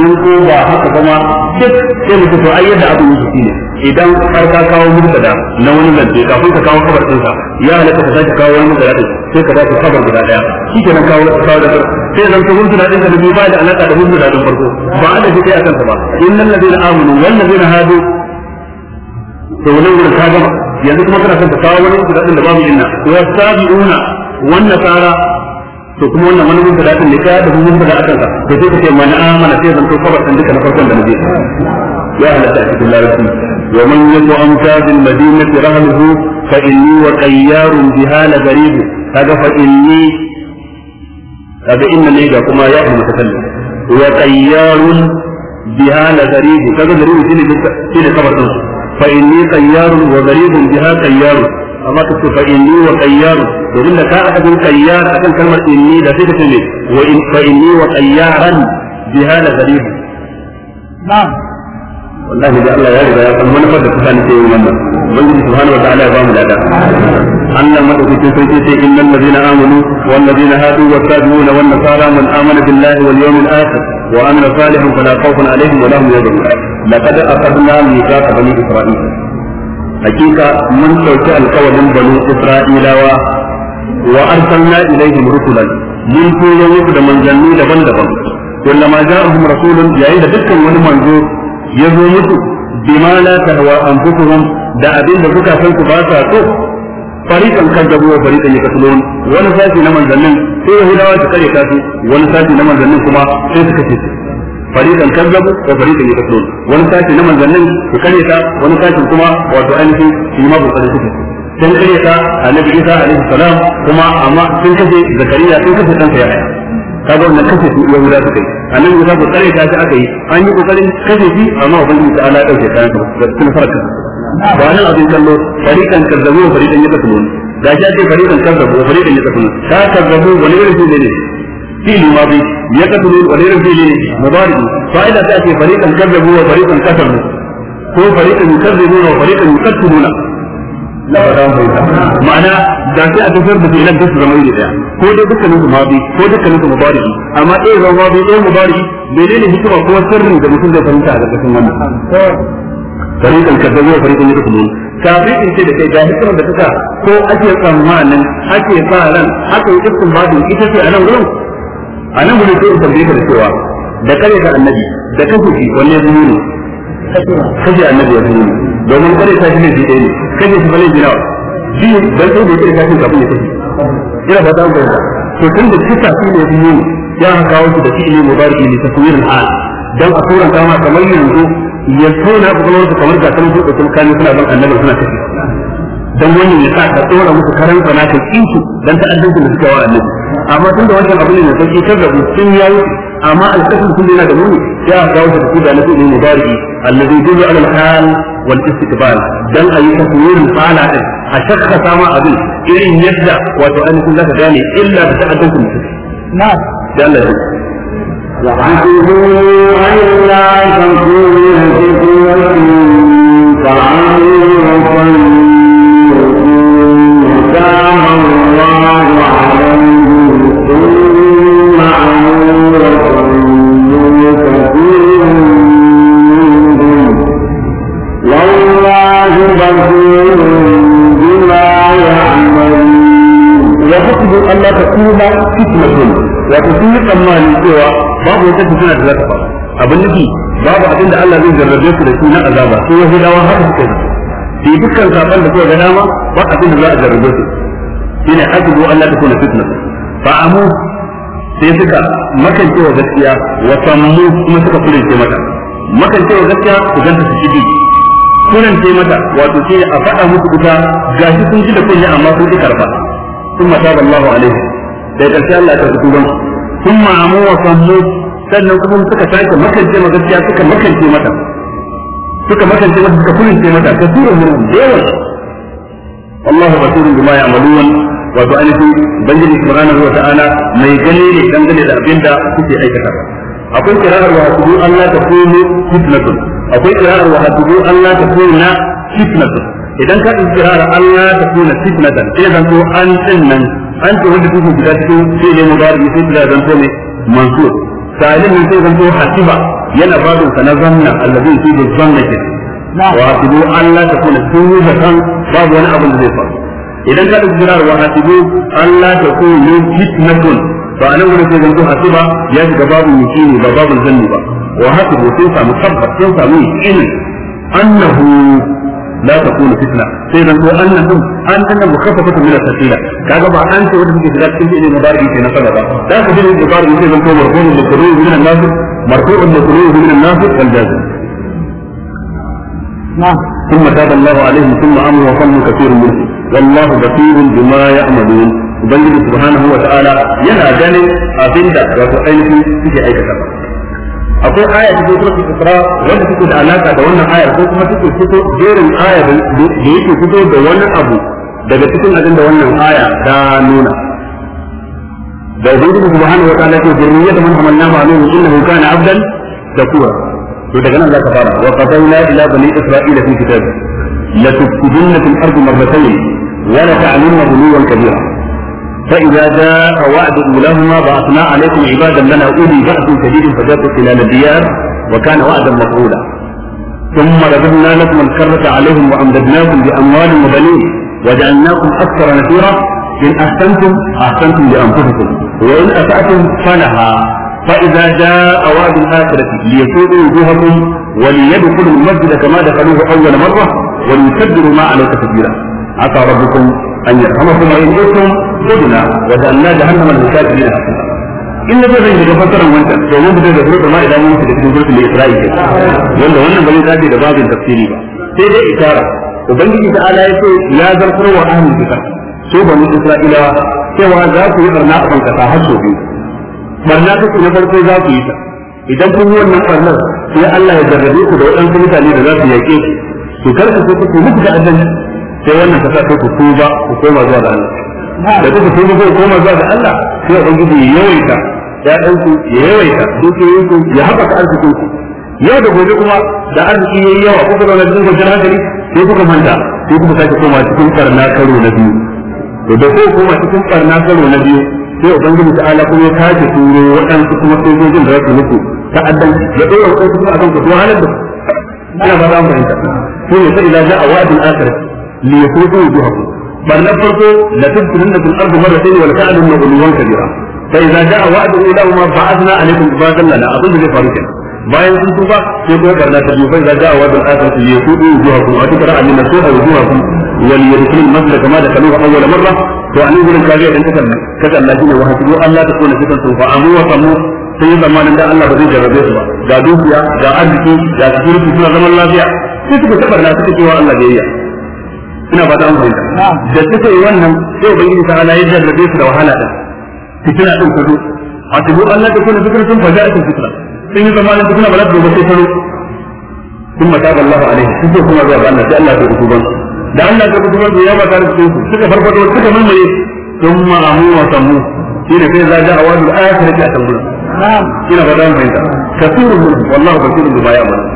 in ko ba haka kuma duk sai mu fito ayyar da abin yake ne idan har ka kawo mubtada na wani zance kafin ka kawo kabar ɗinsa ya halatta ka sake kawo wani mubtada sai ka dace kabar guda ɗaya shi kenan kawo kawo da sai zan to din ba da alaka da din farko ba da shi to ka gama yanzu kuma kana kawo wani da to kuma wannan wani ne da to sai ka ce amana sai zan din na farkon da ya halatta a cikin larabci ومن المدينة رهله فإني وقيار بها لغريب هذا فإني kaga inna ne ga kuma ya ilmu takallu wa qayyarun biha la gharib kaga gharib shine shine kabar din fa inni qayyarun wa gharibun biha qayyarun amma ka ce fa inni wa qayyarun domin da ka aka bin qayyar akan kalmar inni da sai ka ce wa in fa inni wa qayyaran biha la gharib na'am wallahi da Allah ya riga ya san manufar da kusa nake yin wannan ubangiji subhanahu wa ta'ala ya ba mu lada Allah madaukakin sarki sai innal ladina amanu wal ladina hadu wa tabi'una wan nasara man amana billahi wal yawmil akhir wa amila salihan fala khawfun alaihim wa lahum yahzanun laqad akhadna mithaqa bani isra'il hakika mun dauki alƙawarin bani isra'ilawa wa arsalna ilaihim rusulan mun turo musu da manzanni daban-daban kullama ja'ahum rasulun yayin da dukkan wani manzo ya zo musu bima la tahwa anfusuhum da abin da suka san ku ba sa so fariqan kadzabu wa fariqan yakatlun wani sashi na manzannin sai yahudawa su kare ta su wani sashi na manzannin kuma sai suka ce fariqan kadzabu wa fariqan yakatlun wani sashi na manzannin su kare ta wani sashi kuma wato ainihin shi ma ba su kare sun kare ta annabi Isa alaihi salam kuma amma sun kace Zakariya sun kace kanta ya kaga na kashe su iya wuda suka yi a nan wuta ku tsare ta shi aka yi an yi kokarin kashe shi amma yi ta ala ɗauke kayan ka da cikin farka ba nan abin kallo farikan karzabu wa farikan yaka tulun da shi ake farikan karzabu wa farikan yaka tulun ka karzabu wani irin fili ne fili ma bi yaka tulun wani irin fili ne mubariki fa'ida ta ake farikan karzabu wa farikan mu ko farikan karzabu wa farikan yakattuluna la ba ma'ana da shi a tafiyar da filan ta su zama da ya ko dai dukkanin su mabi ko dukkanin su mubariki amma ɗaya eh, zan mabi ɗaya mubariki menene hikima ko sirrin da mutum zai fahimta a ƙarƙashin wannan fariƙan kaddabu wa fariƙan kuma kafin in ce da kai ga hikimar da suka ko ake tsammanin ake sa ran aka yi dukkan babin ita ce a nan gurin a nan gurin sai in tambaye ka da cewa da kare ka annabi da ka shi wanne ya zuni ne kashi annabi ya zuni domin kare ta shi ne shi ɗaya ne kashi shi balai jinawa biyu don sai da ya kare kafin ya kashi ina ba dan bayyana to tun da kisa shi ne biyu ya kawo shi da mubariki ne hal dan a kama kamar yanzu ya tona kamar ga kan buɗe sun kani suna ban annabi suna tafi dan wannan ya sa ka musu karan sana ka kinsu dan da suka wa annabi amma tun da wannan abu ne mai sauki kan rabu sun yayi amma yana da muni ya kawo da kuda na fi'ili mubariki alladhi yadullu ala al-hal wal istiqbal dan ayi taswirin hala ɗin a shakka sama abin irin yadda wato ainihin zaka gane illa da ta'addun ku na dan Allah وحسبوا ألا تكون والله بصير بما يعملون يحسب أن لا تكون فتنة وتكون tsammanin cewa babu wata fitina da abin nufi babu abin da Allah zai jarrabe su da shi na azaba sai dawa haka suka yi fi dukkan saban da suka ga dama ba abin da za a jarrabe su shine hasibu Allah ta kuna fitna fa amu sai suka makance wa gaskiya wa sammu kuma suka kulince mata makance wa gaskiya su ganta su ciki ce mata wato ce a faɗa musu ita gashi sun ji da kunya amma sun ki karba sun mata Allahu alaihi da karshe Allah ta su tuban sun ma'amu wa sannu sannan kuma suka sake makance ma gaskiya suka makance mata suka makance mata suka ce mata ta tura mun dewa Allah basirun bima ya'malun wato ainihin bangiji subhanahu wa ta'ala mai gani ne dangane da abinda kuke aikata akwai kira'ar wa su Allah ta kullu fitnatun akwai qira'ar wa hasibu Allah ta kuna fitnatun idan ka ɗauki qira'ar Allah ta kuna fitnatan sai zan so an din nan an to wanda kuke guda cikin sai ne mudari sai da zan so ne mansur salim ne sai zan so hasiba yana babin sa na zanna allazi fi zanna ke wa hasibu Allah ta kuna fitnatan babu wani abin da zai faru idan ka ɗauki qira'ar wa hasibu Allah ta kuna fitnatun ba nan wani sai zan so hasiba ya shiga babu yukini ba babu zanni ba wa hasibu sun samu tabbas sun samu yakin annahu la takunu fitna sai dan to annahum an annam mukhaffafatun min al-thaqila kaga ba an ce wanda suke shiga cikin ilmin mubaraki ke na saba ba da ka jin mubaraki sai dan to marfu'un ثم تاب الله عليهم ثم امر وصم كثير منه والله بصير بما يعملون ubangiji subhanahu wa ta'ala yana ganin abinda wato ainihin suke aikata akwai aya ta kuma su fara wanda take da alaka da wannan ayar ko kuma take fito jerin aya da yake fito da wannan abu daga cikin abin da wannan aya ta nuna da ta subhanahu wataala ke yadda man ma hamalna ma'aluhu innahu kana abdan shakura to daga nan ka fara wa qadayna ila bani isra'ila fi kitab la tufsidunna fil ardi marratayn wa la ta'lamunna buluwan kabira فإذا جاء وعد أولاهما بعثنا عليكم عبادا لنا أولي بأس شديد فجاءوا خلال الديار وكان وعدا مفعولا ثم رددنا لكم الكرة عليهم وأمددناكم بأموال وبنين وجعلناكم أكثر نفيرا إن أحسنتم أحسنتم لأنفسكم وإن أسأتم فلها فإذا جاء وعد الآخرة ليسوقوا وجوهكم وليدخلوا المسجد كما دخلوه أول مرة وليكبروا ما عليك تكبيرا عسى ربكم an yarhamakum wa in yakum budna wa ja'alna jahannama lil kafirin in na zai shiga fassarar wancan domin fitar da furta ma idan mutu da cikin furta da isra'i ke wanda wannan ba zai dace da babin tafsiri ba sai dai isara ubangiji ta ala ya ce ya zartar wa ahlul kitab su bani isra'ilawa cewa za ku yi barna a kan kasa har sau biyu barna ta ce na farko za yi ta idan kun yi wannan sai Allah ya jarrabe ku da waɗansu mutane da za su yaƙe ku su karkace mutu sai wannan ta sa sai ku tuba ku koma zuwa ga Allah da kuka tuba ku koma zuwa ga Allah sai ubangiji ya yawaita ya dauku ya yawaita dukiyoyin ku ya haɓaka arzikin ku yau da gobe kuma da arziki yayi yawa kuka zauna cikin kwanciyar hankali sai kuka manta sai kuka sake koma cikin karna karo na biyu to da ko koma cikin karna karo na biyu sai ubangiji ta ala kuma ya kaje turo waɗansu kuma sojojin da za su muku ta'addanci ya ɗora waɗansu kuma a kan ku to halar da ina ba za mu fahimta sai ne sa ila ja'a wa'adul akhirah li yakutu wujuhakum barna farko la tubtunnakum ardu marratayn wa la ta'lamu ulwan kabira fa idza ja'a wa'du ulahuma ba'athna alaykum zai faru kenan bayan sun tuba sai kuma barna ta biyu fa idza ja'a wa'du al-akhir li yakutu wujuhakum wa tukra an nasuha wujuhakum wal yadkhul al-masjid kama dakhaluhu awwal marra to an gurin kariya dan kasan kasan Allah shine wa hasibu Allah ta kona fitan su fa amu wa samu sai zamanin da Allah ba zai jarrabe su ba ga dukiya ga arziki ga security suna zaman lafiya sai suka tabarna suka cewa Allah biyayya ina ba ta amfani da suka yi wannan sai ubangiji ta ala ya jarrabe su da wahala da fitina din ta zo a tuhu Allah ta kuna fitina sun faja akan fitina sun yi zamanin fitina ba za su sai taro sun mata ga Allah alaihi sun ce kuma zuwa ga Allah sai Allah ta rubu ban da Allah ta rubu ban ya ba ta rubu su suka farfado suka mamaye sun ma'amu wa samu shi ne sai za ga awadul akhirati a tambura ina ba ta amfani da kasuruhu wallahu basirun bi ma ya'malu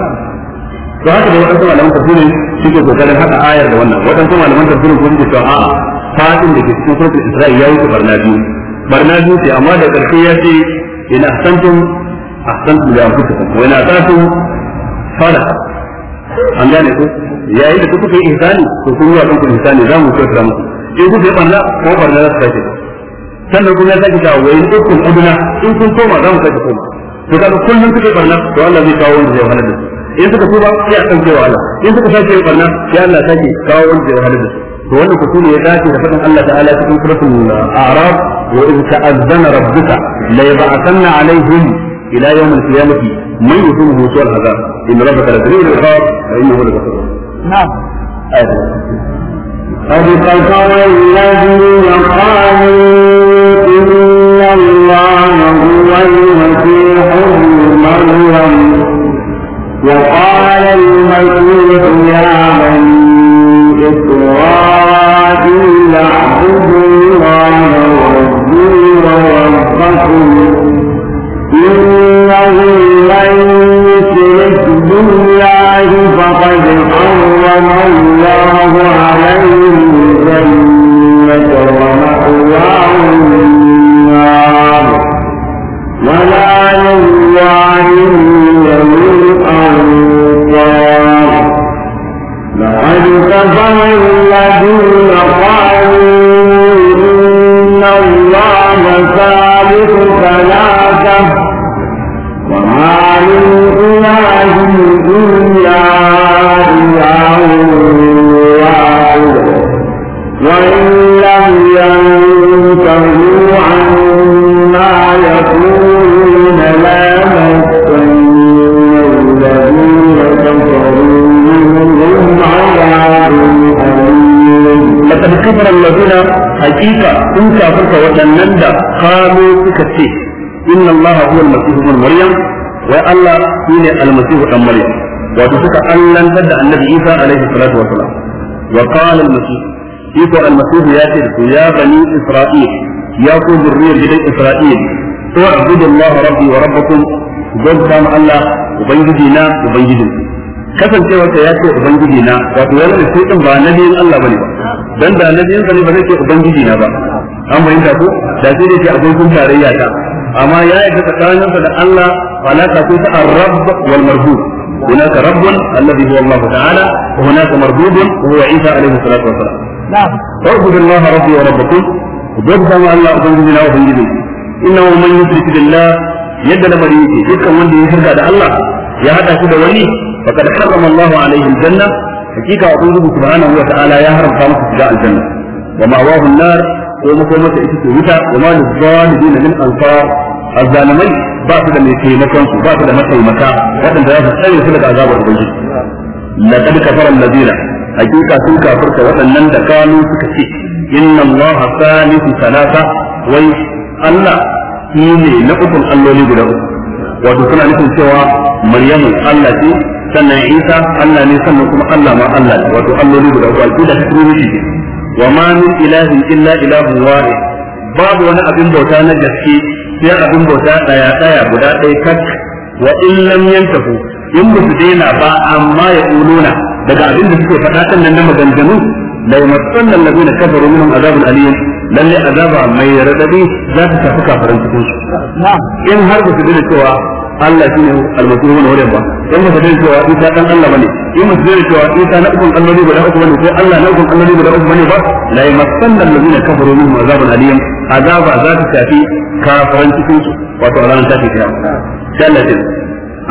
ta haka da wadansu malaman tafsirin suke kokarin haka ayar da wannan kuma malaman tafsirin ko suke cewa a'a fadin da ke cikin suratul isra'i ya wuce barna biyu barna biyu sai amma da ƙarshe ya ce ina ahsantum ahsantum da anfusakum ko ina tasu fara an gane ko yayi da kuka yi ihsani to kun yi wa kanku ihsani za mu kyautar muku in kuka yi barna ko barna za ce sake sannan kuma ya sake cewa wa in ukun aduna in kun koma za mu sake koma to kaga kullum kuke barna to Allah zai kawo wanda zai wahalar da su in suka tuba sai a san cewa Allah in suka sake yin barna sai Allah sake kawo wanda ya halin da su to wannan ku ne ya dace da fadin Allah ta'ala cikin suratul a'raf wa in ta'azzana rabbuka la yab'athanna alaihim ila yawm al-qiyamati man yusibuhu su'al azab in rabbaka ladirul iqab wa innahu laghafurur na'am قد كفر الذين قالوا إن الله هو المسيح ابن مريم وقال المسيح يا بني إسرائيل اعبدوا الله ربي وربكم إنه من يشرك بالله فقد حرم الله عليه الصلاة وما من إله إلا إله واحد وإن لم ينتهوا عما يقولون لمسن الذين كفروا منهم عذاب أليم لقد كفر الذين hakika sun kafirta waɗannan da kamo suka ce inna الله هو المسيح ابن مريم maryam allah shine al-masih dan maryam wato النبي عيسى da annabi isa وقال المسيح wa المسيح wa يا بني masih يا قوم ya ce اعبدوا ya bani وربكم ya ku zurriyar gidan isra'il to ubangiji na ta ya ce ubangiji na wato da ba allah bane ba dan da nabi sa ne ba zai ce ubangiji na ba an bayyana ko da sai dai abokin tarayya ta amma ya yadda tsakaninsa da Allah alaka ko ta ar-rabb wal marbub هناك رب الذي هو الله تعالى وهناك مردود وهو عيسى عليه الصلاة والسلام نعم اعبد الله ربي وربكم وبدأ الله أبنجدنا وبنجدنا إنه من يشرك بالله يد لمن يشرك من يشرك الله ya hada shi da wani faqad harrama Allahu alaihim janna hakika ubangiji subhanahu wa ta'ala ya haramta musu shiga aljanna wa ma'awahu an-nar ko makomar da ita ce wuta wa ma da zalimin min ansar azzalimai ba su da mai taimakon su ba su da mataimaka waɗanda za su tsare su daga azabar ubangiji laqad kafara allazina hakika sun kafirta waɗannan da kanu suka ce inna allaha salisu salasa wai allah shi ne na ukun alloli guda uku wato suna nufin cewa maryamu allah ce sannan isa allah ne sannan kuma allah ma allah ne wato alloli guda uku a kida ta turu wa ma min ilahin illa ilahu wahid babu wani abin bauta na gaske sai abin bauta daya daya guda ɗaya kak wa in lam yantahu in ba su daina ba amma ya uluna daga abin da suke faɗa kan nan na maganganu la yamassanna alladhina kafaru minhum azabun alim lalle azaba mai radadi za su tafi kafaran cikin su in har ba su daina cewa Allah shi ne almasihu wani wurin ba in ba sai cewa isa dan Allah bane in ba sai cewa isa na ukun alloli guda uku bane ko Allah na ukun alloli guda uku bane ba la yamassanna allazina kafaru minhum azabun aliyam azaba za ta shafi kafaran cikin su wato ranar tashi kiyama sai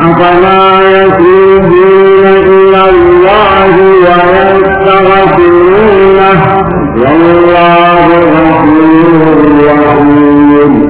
Allah ya أفلا يتوبون إلى الله ويستغفرونه والله غفور رحيم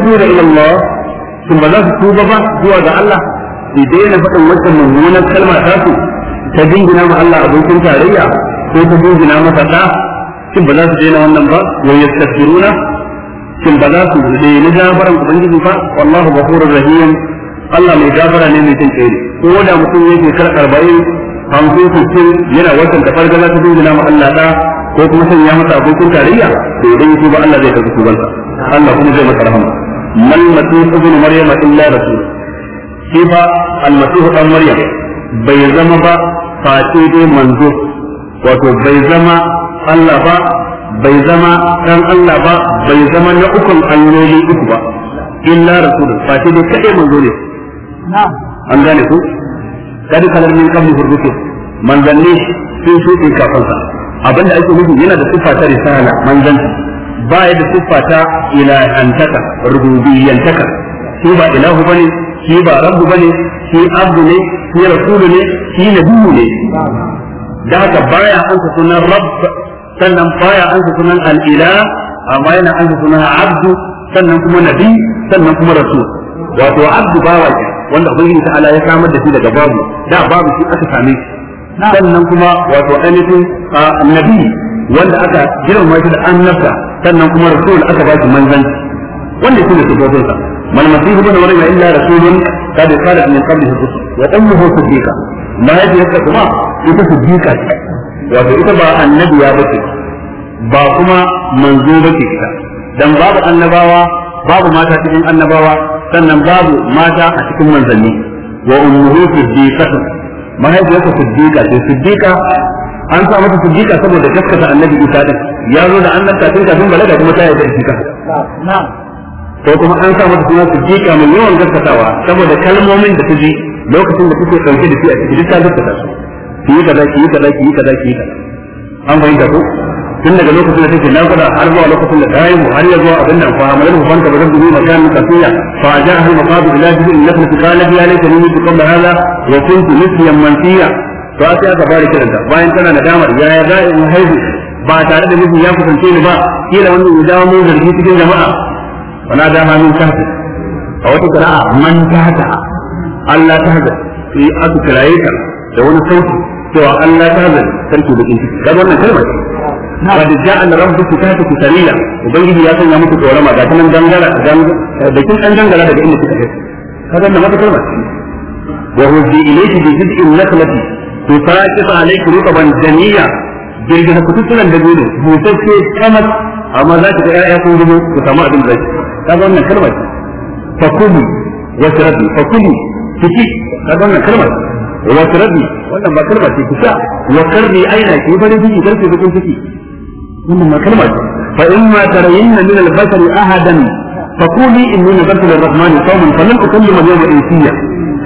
yatubuna ila Allah sun ba za su tuba ba zuwa ga Allah su daina faɗin wancan mummunan kalma ta su ta dingina ma Allah abokin tarayya ko ta dingina masa ɗa shin ba za su daina wannan ba wa yastaghfiruna ba za su daina gafaran ubangiji ba wallahu ghafurur rahim Allah mai ne mai cin kai ko da mutum yake kar 40 hamsin sittin yana watan da fargaza ta dingina ma Allah ko kuma sanya masa abokin tarayya to idan ba Allah zai karɓi Allah kuma zai masa rahama man masih ibn maryam illa rasul shi fa almasih dan maryam bai zama ba face dai manzo wato bai zama Allah ba bai zama dan Allah ba bai zama na ukun alloli uku ba illa rasul face dai kadai manzo ne an gane ku kada kalar min kan hurbuke manzanni sun shuɗe kafansa abinda ake nufi yana da sifa ta risala manzanci ba ya da siffa ta ilahantaka rububiyantaka shi ba ilahu bane shi ba rabbu bane shi abdu ne shi rasulu ne shi nabiyyu ne da haka baya an ansa sunan rabb sannan baya ansa sunan al-ilah amma yana an ansa sunan abdu sannan kuma nabi sannan kuma rasul wato abdu bawa ke wanda ta ala ya samar da shi daga babu da babu shi aka same shi sannan kuma wato ainihin annabi wanda aka girma shi da annabta sannan kuma rasul aka ba shi manzanci wanda shi ne sufofin sa mal masih ibn maryam illa rasulun qad qalat min qablihi rusul wa ummuhu siddiqa mahaifiyarsa kuma ita siddiqa ce wato ita ba annabiya bace ba kuma manzo bace ita dan babu annabawa babu mata cikin annabawa sannan babu mata a cikin manzanni wa ummuhu siddiqatu mahaifiyarsa siddiqa ce siddiqa an sa mata siddiqa saboda gaskata annabi isa din ya zo da annan kafin kafin balaga kuma ta yarda shi ka ko kuma an sa masa suna ji mai yawan gaskatawa saboda kalmomin da su ji lokacin da take dauke da shi a cikin ta gaskata su ki yi kaza ki yi kaza ki yi kaza ki yi kaza an fahimta ko tun daga lokacin da take nakuda har zuwa lokacin da ta mu har ya zuwa abin nan fa amalan mu fanta bazan dubi makan kafiya fa ja'a al maqad ila jibi innaka tikala bi alayka min qabla hadha wa kuntu nisyan mansiya to sai aka fara kiranta bayan tana nadamar ya za in haihu ba tare da mijin ya kusance ni ba kila wannan ya dawo mun zargi cikin jama'a wala da ma min kafi a wata qira'a man tahta Allah ta haza sai aka kiraye ka da wani sauti cewa Allah ta haza sarki bakin ciki kaga wannan kalmar ba da ja'a na rabbu ku tahta ku sarila ubangiji ya sanya muku tsorama ga kanan gangara da kin dan gangara daga inda kika kai kaga wannan wata kalmar wa hudi ilayki bi jid'in naklati tusaqit alayki rutaban jamiyya girgiza ku tuttunan da gudu busasshe kamar amma za ta ga ƴaƴa sun zubo ku samu abin zai ka ga wannan kalmar fa kulu wa shrabi fa kulu kici ka ga wannan kalmar wa shrabi wannan ba kalmar ce kusa wa karni aina ki bari biki garke da kun ciki wannan ma kalmar ce fa in ma tarayinna min al-basari ahadan fa kuli inni nadartu lir-rahmani sawman falan ukallima al-yawma insiya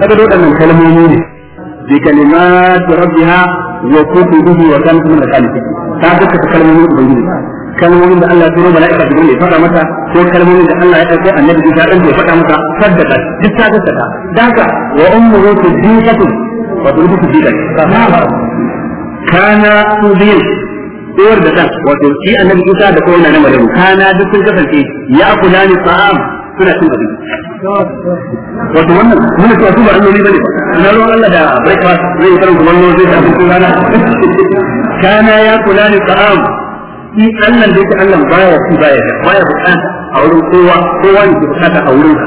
kaga wadannan kalmomi ne bi kalimat rabbiha ya kutu bihi wa kana kuma da kalisi ta duka ta kalmomin ubangiji kalmomin da Allah ya turo mala'ika Jibril ya faɗa da Allah ya ɗauko annabi Isa ɗan ya faɗa masa saddaka duk ta gaskata daga wa ummuhu siddiqatun wa tubu siddiqatun kana tudin uwar da dan wato shi annabi Isa da kowa na kana duk sun kasance ya kula ni suna cin abinci wato wannan muna cewa su ba alloli bane ba na ruwan Allah da breakfast zai yi karin kumallo zai ta abincin rana kana ya kula ni ta'am shi Allah da yake Allah baya ci baya baya bukata a wurin kowa kowa ne ke bukata a wurin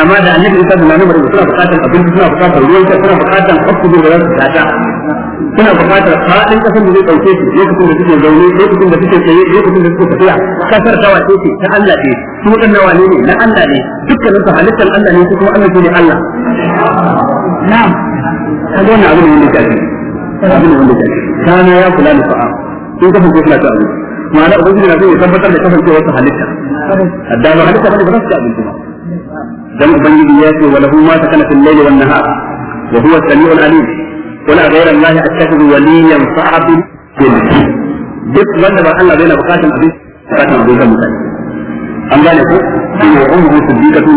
amma da annabi isa da nabi suna bukatar abinci suna bukatar ruwan suna bukatar kwakwudo da za su suna buƙatar faɗin ƙasar da zai ɗauke su lokacin da suke zaune lokacin da suke tsaye lokacin da suke tafiya kasar ta wace ce ta Allah ce su waɗannan wane ne na Allah ne dukkanin su halittar Allah ne su kuma Allah ne Allah na'am kaga wannan abin da yake tafi abin da yake tafi kana ya kula da fa'a in ka fuka kula da abu ma'ana ubangiji na so ya tabbatar da kasancewar su halitta da ba halitta bane ba za su ci abinci ba dan ubangiji ya ce wa lahu ma sakana fil layli wan nahar wa huwa as-sami'ul alim wala ghayra Allah attakhidhu waliyan fa'abu bil duk wanda ba Allah bai na bukatun abin bukatun abin da mutane an gane ko shi ne ummu siddiqatu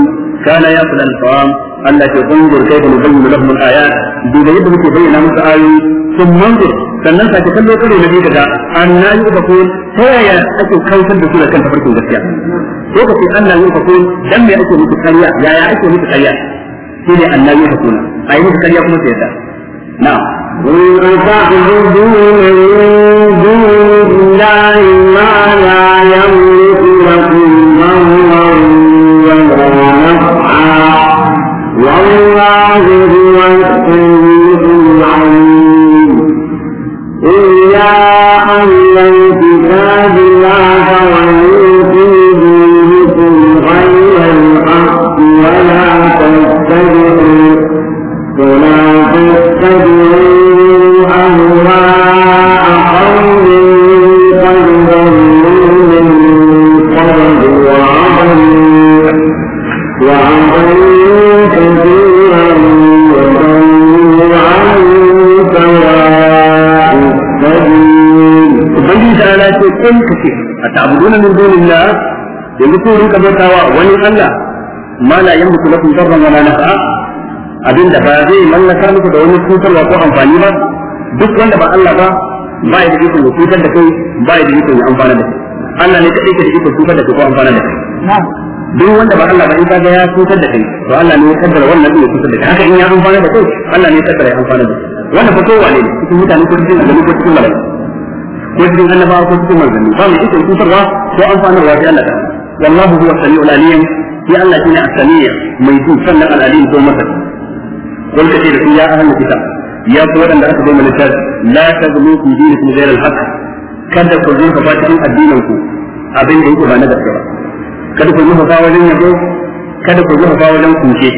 kana ya fulan fa'am Allah ke unzur kayfa nubayyinu lahum al-ayat duba yadda muke bayyana musu ayoyi sun manzur sannan sake kallo kare na biyu daga annabi ubakun ta yaya ake kautar da su da kan tafarkin gaskiya ko ka ce annabi ubakun dan me ake muku kariya yaya ake muku kariya shi ne annabi ubakun ayi muku kariya kuma sai نعم قل أتعبدون من دون الله ما لا يملك لكم ضرا ولا نفعا والله هو العليم قل يا الكتاب لا تغلوا في دينكم غير الحق ولا تتبعوا تتبعوا أهواء قوم قد ضلوا من قبل وعضلوا وعضلوا كثيرا وضلوا عن سواء السبيل. وبني تعالى قل كثير أتعبدون من دون الله yanzu ko rinka bautawa wani Allah ma la yamliku lakum darran wala nafa'a Abin da ba zai mallaka muku da wani cutarwa ko amfani ba duk wanda ba Allah ba ba ya da ikon ya cutar da kai ba ya da ikon ya amfana da kai Allah ne kadai ke da ikon cutar da kai ko amfana da kai duk wanda ba Allah ba in kaga ya cutar da kai to Allah ne ya kaddara wannan din ya cutar da kai haka in ya amfana da kai Allah ne ya kaddara ya amfana da kai wannan fa wa ne cikin mutane ko cikin annabawa ko cikin malaka ko cikin annabawa ko cikin manzanni ba mu ikon cutarwa ko amfanarwa sai Allah ta wallahu huwa samiul alim ya Allah shine as-sami' mai ji sannan al-alim ko masani kun kace da su ya ahlul kitab ya ku wadanda aka bai malitar la tazlu fi dinikum ghayr al-haq kada ku zo ba cikin addinin ku abin da yake ba na gaskiya kada ku zo ba wajen yabo kada ku zo ba wajen kuke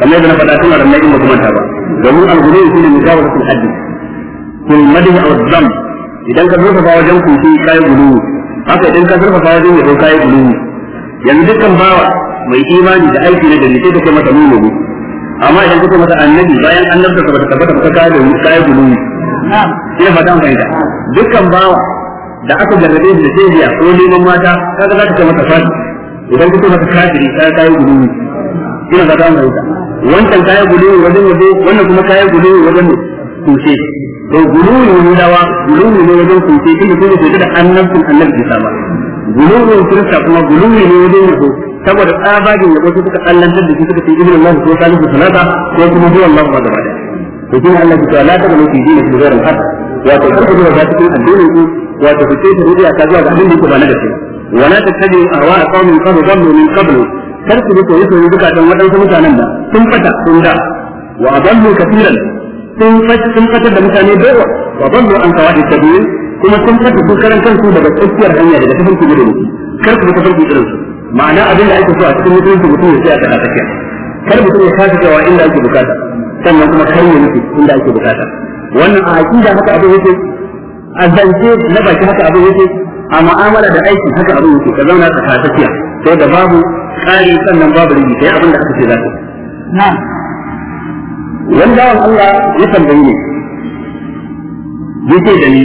kamar da na faɗa tun a ranar in ba kuma ta ba domin al-ghurur shine mujawaratul haddi kun madina aw dham idan ka zurfafa wajen kuke kai gulu haka idan ka zurfafa wajen yabo kai gulu yanzu dukkan bawa mai imani da aiki na da ne sai ka kai masa mummuni amma idan kuka mata annabi bayan annabta ka bata tabbata ka kai da kai guluwi ina fata an fahimta dukkan bawa da aka jarrabe da shehiya ko neman mata kaga za ka ce masa fadi idan kuka masa kafiri kai kai guluwi ina fata an fahimta wancan kai guluwi wajen waje wannan kuma kai ne wajen tushe to gudu ne dawa gudu ne wajen tushe tunda kuma tushe da annabtin annabi sama guluwi kirista kuma gudu ne wajen yahudu saboda tsabagin yabo sai suka tsallantar da shi suka ce ibn Allah ko salihu salata ko kuma zuwan Allah ba gaba daya to kuma Allah ya ce la ta mutum dini su zairin hak wato ku kuma da cikin addini ku wato ku ce ya ta zuwa ga abin da ku ba na gaske wala tattabi arwa qaumin qad dhallu min qablu kar ku ko yaso ne duka dan wadansu mutanen da sun fata sun da wa adallu katiran sun fata sun fata da mutane da yawa wa dhallu an sawadi tabi kuma sun fata su karan kansu daga tsakiyar hanya daga tafarki da kar ku tafarki da su ma'ana abin da ake so a cikin mutunci mutum ya tsaya tsaka tsakiya kar mutum ya kasa cewa inda ake bukata sannan kuma kar ya nufi inda ake bukata wannan a aqida haka abin yake a zance na baki haka abin yake a mu'amala da aiki haka abin yake ka zauna tsaka tsakiya sai da babu ƙari sannan babu rigi sai abin da aka ce za ka na'am wanda Allah ya tambaye ni yake da ni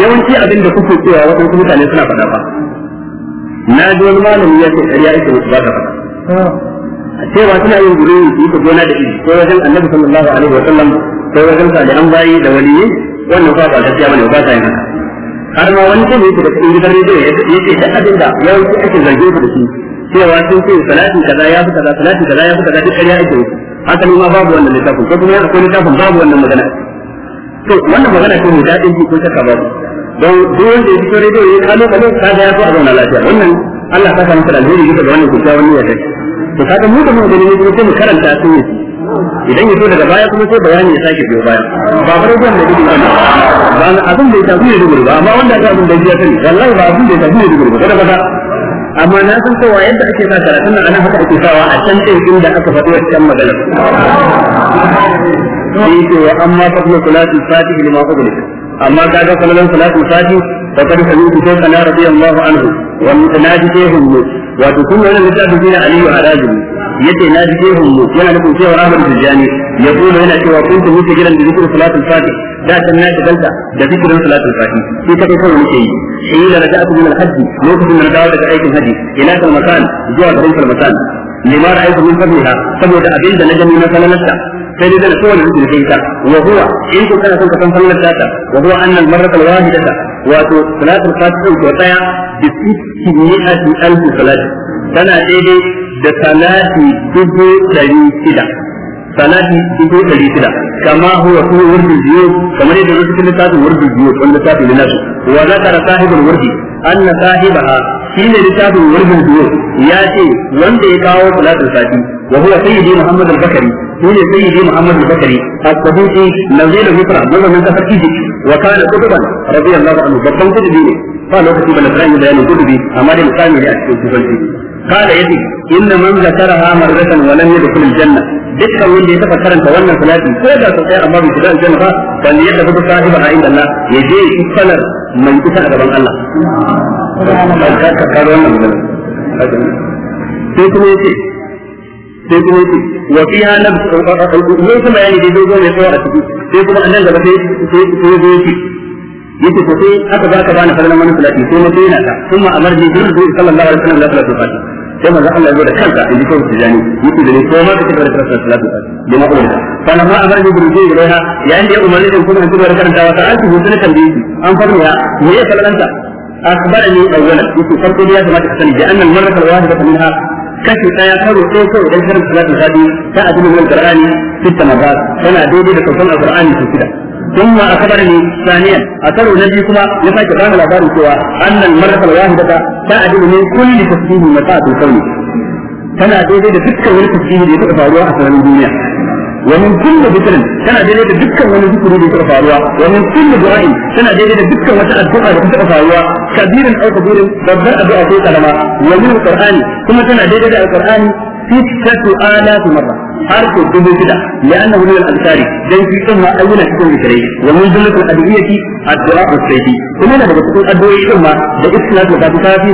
yawanci abin da kuke cewa waɗansu mutane suna faɗa ba na ji wani malami ya ce ƙarya ita wasu ba ta faɗa a cewa suna yin guri su ka gona da iri ko wajen annabi sallallahu alaihi wa sallam ko wajen salihan bayi da waliyyi wannan fa ta gaskiya bane ba ta yi haka har ma wani ce yake da cikin gidan rediyo ya ce da abin da yawanci ake zargin su da shi cewa sun ce salatin kaza ya fi kaza salatin kaza ya fi kaza duk ƙarya ake wasu hakan ma babu wannan littafin ko kuma akwai littafin babu wannan magana to wannan magana ce mai daɗin ji ko shakka babu don duk da ya fito rediyo ya kano kano ka ga ya fi a zauna lafiya wannan Allah ta kama da alheri duka ga wannan kyakkyawan niyyar da to kaga mu da mu da ne kuma mu karanta su ne idan ya zo daga baya kuma sai bayani ya sake biyo baya ba bar zan da ba ba abin da ya tafi ne ba amma wanda aka abin da ya sani wallahi ba abin da ya tafi ne gudu ba kada kada amma na san cewa yadda ake sa karatun nan ana haka ake sawa a can sai inda aka faɗi wannan magana sai ce wa amma fadlu salati fatihi lima fadlu amma ka ga sallallahu salatu sati fa kad sami'tu shaykhana radiyallahu anhu wa mutanadi shaykhun mu wato kun wannan littafi ne aliyu harajibi yace na ji shaykhun mu yana nufin cewa ahmad tijani ya kuma yana cewa kuntu muke gidan da zikr salatu sati da kan na ta ganta da zikirin salatul fati sai ta kai kawai yi shi da raja'atu min al-hajj lokacin da dawo daga aikin haji ila kalmatan zuwa garin kalmatan limar aikin min fadliha saboda abin da na gani na sananarta sai dai da kowane mutum da ta wa huwa in ko kana son ka san sallar ta wa huwa annal marrata wahidata wato salatul fatiha ko daya bi sittiyati alf salat tana daidai da salati dubu dari shida salati dubu dari shida kama huwa ko wurin biyu kamar yadda wasu cikin littafin wurin biyu wanda littafin ne nasu wa zakara sahibul wurdi anna sahibaha shine littafin wurdi biyu ya ce wanda ya kawo salatul fatiha wa huwa sayyidi muhammad al-bakari shine sayyidi muhammad al-bakari as-sabuti nazir al-misra mazamin kasar egypt wa kana kutuban radiyallahu anhu babban kutubi ne ba lokaci ba na tsaya bayanin kutubi amma dai mutane ne a cikin kutubanci قال يدي إن من ذكرها مرة ولم يدخل الجنة dukkan wanda ya taɓa karanta wannan salati ko da sau ɗaya amma bai shiga aljanna ba bal ya tafi ta sahiba a inda Allah ya je ya sanar mai kusa a gaban Allah sai sai kuma yake wa fiha nafs ne kuma yayi dai dogo mai tsawa a ciki sai kuma annan gaba sai sai sai zo yake yake ko sai aka ba ka bani farlan wani salati sai mutai na ta kuma amar ni bin da sallallahu alaihi wasallam la salatu fati sai manzo Allah ya da kansa in ji ko su jani yake da ni ko ma kake da salatu fati da ma kuma fa na ma amar ni bin da ilaiha yayin da umarni da kuma su da karanta wa sai su sun kan yi an farmiya me ya sallanta أخبرني أولا يقول فرق لي هذا ما تحسن بأن المرة الواحدة منها kashi daya karo sai sai idan karin salatin sadi ta ajin wannan qur'ani fitna ba tana daidai da sauran alqur'ani su kida dan ma akbar ne saniya a karo na kuma ya sake bani labarin cewa annal marhal wahida ta ajin min kulli tasbihi mata'atul sawi tana daidai da dukkan wani tasbihi da yake faruwa a sanin duniya ومن كل ذكر سنة دي دي دكا ومن ذكر دي تقف عليها ومن كل دعاء سنة دي دي دكا وتأت دعاء دي تقف عليها كبير أو كبير ببدأ دعاء في كلمة ومن القرآن ثم سنة دي دي القرآن ستة آلاف مرة حرف الدبو كده لأنه من الأذكار دي في ثم أولا تكون ذكري ومن جملة الأدوية الدعاء السيدي ثم أنا بقول الدعاء ثم ده إسلام وكاتبات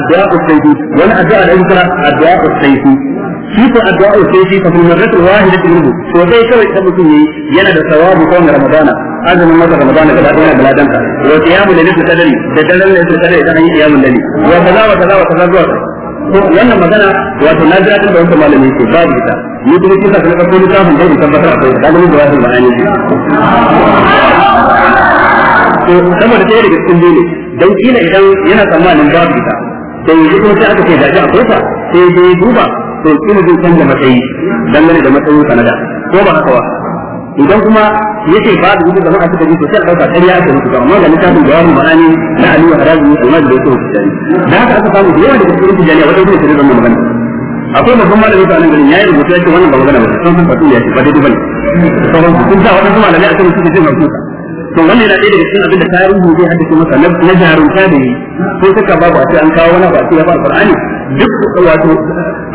الدعاء السيدي وأنا أدعى الأنكرة الدعاء السيدي shi ko addu'a sai shi fa min marrat wahidat minhu to sai kawai da mutum yayi yana da sawabu ko ramadana azumin masa ramadana da dadin da ladan ka wa qiyamu lillahi qadari da daren ne da kadari dan qiyamu lillahi wa kaza wa kaza wa kaza zuwa ko wannan magana wato na jira da wannan malami ke ba ni ta ni duk kisa kana ka kuma kafin da tabbatar akwai da mun da wannan bayani to kuma da yake cikin dole dan kila idan yana tsammanin babu ita dan yanzu kuma sai aka ce ji akwai ta sai dai duba to ina canza matsayi dangane da matsayin sanada ko ba haka ba idan kuma ya babu wani jama'a suka ji to sai ɗauka ƙarya aka musu ba amma ga littafin jawabin ma'ani na Ali wa Harazi da almajid da yake da haka aka samu da yawa tijani a wajen da zama magana akwai babban da ta nan ya yi rubutu wannan ba magana ba sun ya ce ba daidai sa wannan malamai akan to wannan yana ɗaya daga cikin abin da tarihi zai haddace masa na jarumta da yi ko suka babu a ce an kawo wani ba a ce ya ba duk wato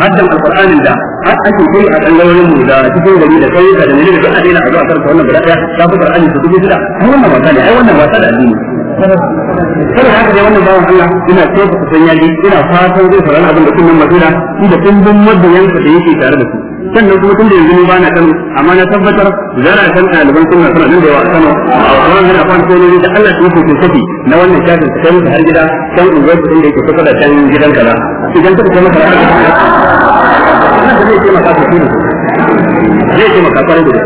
haddan alqur'anin da har ake kai a dangarorin mu da cikin gari da kai da ne da a daina a zuwa karanta wannan guda daya ta fi qur'ani su dubi shida ai wannan wasa ne ai wannan wasa da addini kada haka dai wannan bawan Allah ina so ku san yaji ina fatan zai faran abin da kullum madina inda kun bin madayan da yake tare da su sannan kuma tun da yanzu ni ba na Kano amma na tabbatar zara san ɗaliban sunna suna nan da yawa a Kano wannan yana kwan ko ne da Allah ya kuke kafi na wannan shafin su kai har gida kan uwar su inda yake kusa da can gidan kaza idan ka kai masa Allah zai ce maka ka ne zai ce maka kwarai da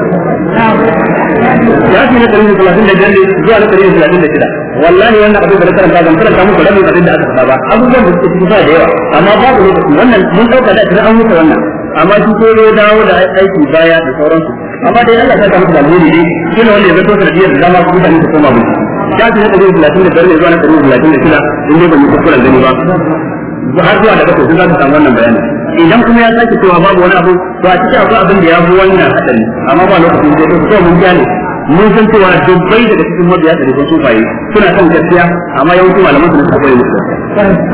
shafi na ɗari da talatin da jalle zuwa na ɗari da talatin da shida wallahi wannan abin da karanta ban karanta muku da mun abin da aka faɗa ba abubuwan da suke cikin da yawa amma babu lokaci wannan mun ɗauka da an mutu wannan amma shi ko ya dawo da aiki baya da sauransu amma dai Allah ta samu alheri ne kina wanda ya zato sanadiyar da zama kuma mutane su koma musu ya ce da talatin da biyar ne zuwa na ɗari talatin da shida in dai ban yi kuskuren gani ba har zuwa da bakwai sun za su samu wannan bayani idan kuma ya sake cewa babu wani abu to a cikin akwai abin da ya zo wannan hadari amma ba lokacin da ya fi mun gane mun san cewa dubbai daga cikin mabiya da sun sufaye suna kan gaskiya amma yawancin malaman su ne suka koyi musu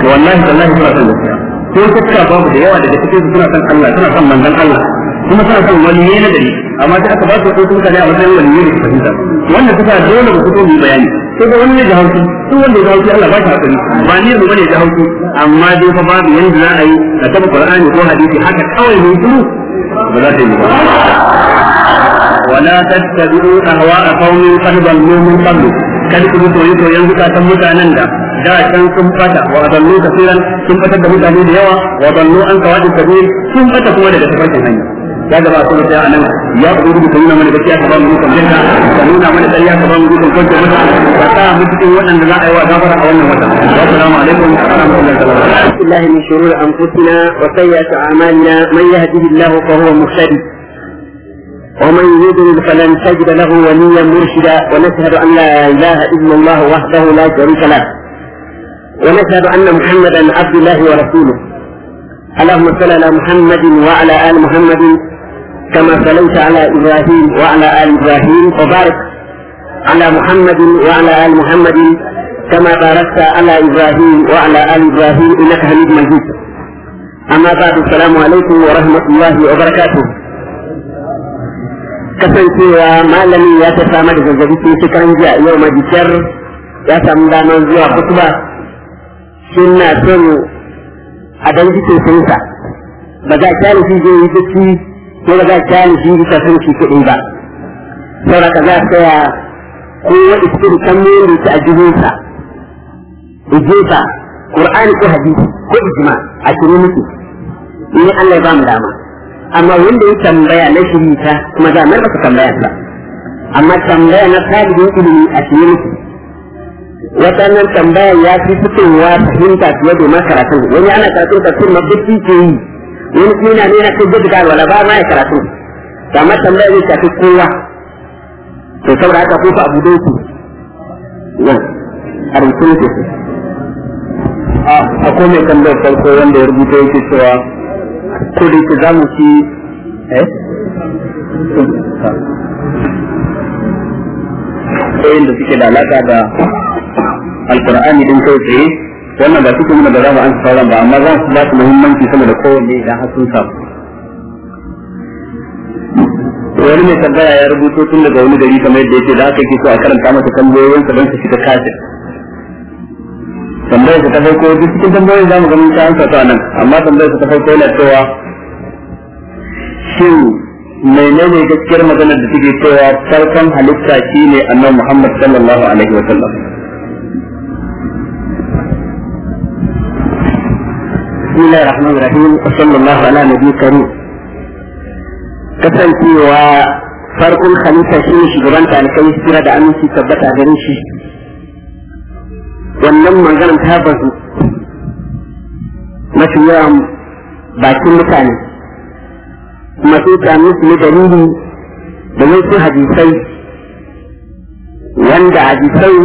wallahi wallahi suna kan gaskiya ko shakka babu da yawa daga cikin su suna son Allah suna son manzon Allah kuma suna son wani ne na gari amma sai aka ba su wasu mutane a matsayin wani ne da su fahimta wannan kusa dole ku fito mu bayani ko ga wani ne da hauki su wanda ya hauki Allah ba shi hakuri ba ne mu bane da hauki amma dai fa babu yanda za a yi a tabbata Qur'ani ko hadisi haka kawai mun shiru ba za ta yi ba ولا تتبعوا أهواء قوم قد ضلوا من قبل كذبوا تويتوا ينزكا تموتا نندا da can sun fata wa adallu kasiran sun fatar da mutane da yawa wa adallu an kawajin sabil sun fata kuma daga tafarkin hanya ya gaba sun ta anan ya ku rubuta nuna mana gaskiya ka ba mu kan jinna ka nuna mana tsariya ka ba mu kan kanta mata ka sa mu cikin waɗanda za a yi wa gafara a wannan wata assalamu alaikum wa rahmatullahi wa barakatuh billahi min shururi anfusina wa sayyiati a'malina man yahdihillahu fa huwa muhtadi ومن يضلل فلن تجد له وليا مرشدا ونشهد ان لا اله الا الله وحده لا شريك له ونشهد أن محمدا عبد الله ورسوله اللهم صل على محمد وعلى آل محمد كما صليت على إبراهيم وعلى آل إبراهيم وبارك على محمد وعلى آل محمد كما باركت على إبراهيم وعلى آل إبراهيم إنك حميد مجيد أما بعد السلام عليكم ورحمة الله وبركاته kasancewa malami ya ta samar da zazzabi sai kan jiya yau majikar ya samu damar zuwa kutuba suna son a don jikin sunsa ba za a kyale shi zai yi bacci ko ba za a kyale shi bisa sun shi kuɗi ba sauraka za a tsaya ko wani cikin kamar da ta jihunsa ijinsa Qur'ani ko hadisi ko ijima a cikin mutu in Allah ba mu dama amma wanda ya tambaya na shirita kuma za a masa tambaya ba amma tambaya na talibin ilimi a cikin mutu waɗannan tambaya ya fi fitowa fahimta fiye da makaratu wani ana karatun tafsir mabduki ke yi wani kuma yana nuna kai gudu da wala ba ma ya karatu ma tambaya zai shafi kowa to saboda haka kofa abu dai ku yan a rubutun ke a kome mai tambayar farko wanda ya rubuta yake cewa ko da yake za mu ci eh da suke da alaƙa da alkurani din kai tsaye wannan ba cikin da za mu an sauran ba amma za su ba su muhimmanci saboda kowanne idan har sun samu wani mai tambaya ya rubuto tun daga wani gari kamar yadda yake da aka yi a karanta masa tambayoyinsa don su shiga kafin tambayar ta farko duk cikin tambayoyin zamu ga mun ta amsa nan amma tambayar ta farko yana cewa shin menene gaskiyar da take cewa farkon halitta shine annabi Muhammad sallallahu alaihi wa بسم الله الرحمن الرحيم وصلى الله على نبي كريم kasancewa farkon khalifa shi ne shugaban talibai sira da aminci tabbata a gare shi wannan maganar ta bazu mafi yawan bakin mutane kuma sun sami su ne dalili hadisai wanda hadisai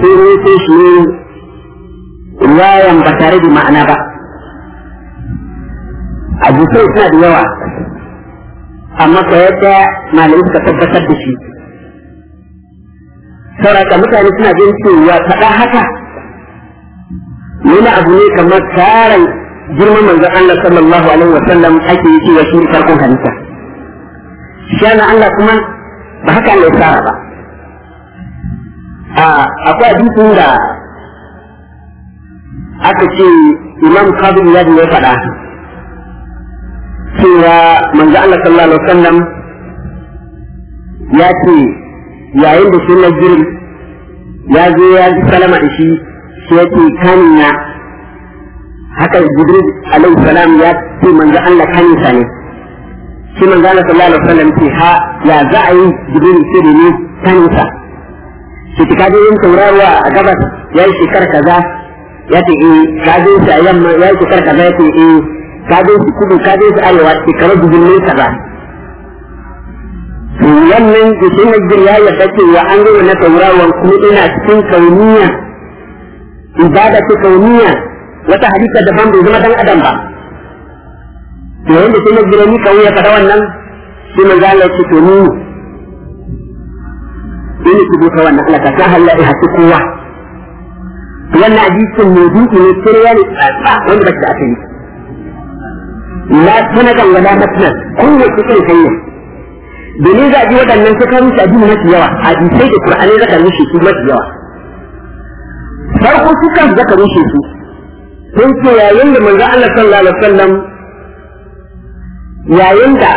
sun rufe shi riwayan ba tare da ma'ana ba hadisai suna da yawa amma ka yadda malamai suka tabbatar da shi sauraka mutane suna jin cewa faɗa haka nuna abu ne kamar tarin girman manzon Allah sallallahu alaihi wa sallam ake yi cewa shi farkon halitta shana Allah kuma ba haka Allah ya tsara ba akwai hadisin da aka ce imam kazim ya ya faɗa cewa manzo Allah sallallahu alaihi wasallam ya ce yayin da sunan jirin ya zo ya ji salama da shi shi ya ce kanin na? haka jibril alaihi salam ya ce manzo Allah kaninsa ne shi manzo Allah sallallahu alaihi wasallam ce ha ya za a yi jibril ce ne kaninsa shi ta kaje yin taurawa a gabas ya yi shekar kaza ya ce eh ka je shi a yamma ya ce karka ba ya ce eh ka je shi kudu ka je shi arewa ce kamar gudunmin kaza to wannan jikin najin ya yarda cewa an gama na tauraron kuma ina cikin kauniya ibada ce kauniya wata halitta daban bai zama dan adam ba to yanda sai najin ni kawai ya faɗa wannan sai manzo Allah ce to ni ina ku duka wannan Allah ka sa Allah ya kowa wannan hadisin mawdu'i ne kiriya ne tsatsa wanda ba shi da asali la sanadan wala matnan kowace irin hanya domin za a ji waɗannan sai kawo musu addini mafi yawa hadisai da qur'ani za ka rushe su mafi yawa farko su kan za ka rushe su sun ce yayin da manzo Allah sallallahu alaihi wasallam yayin da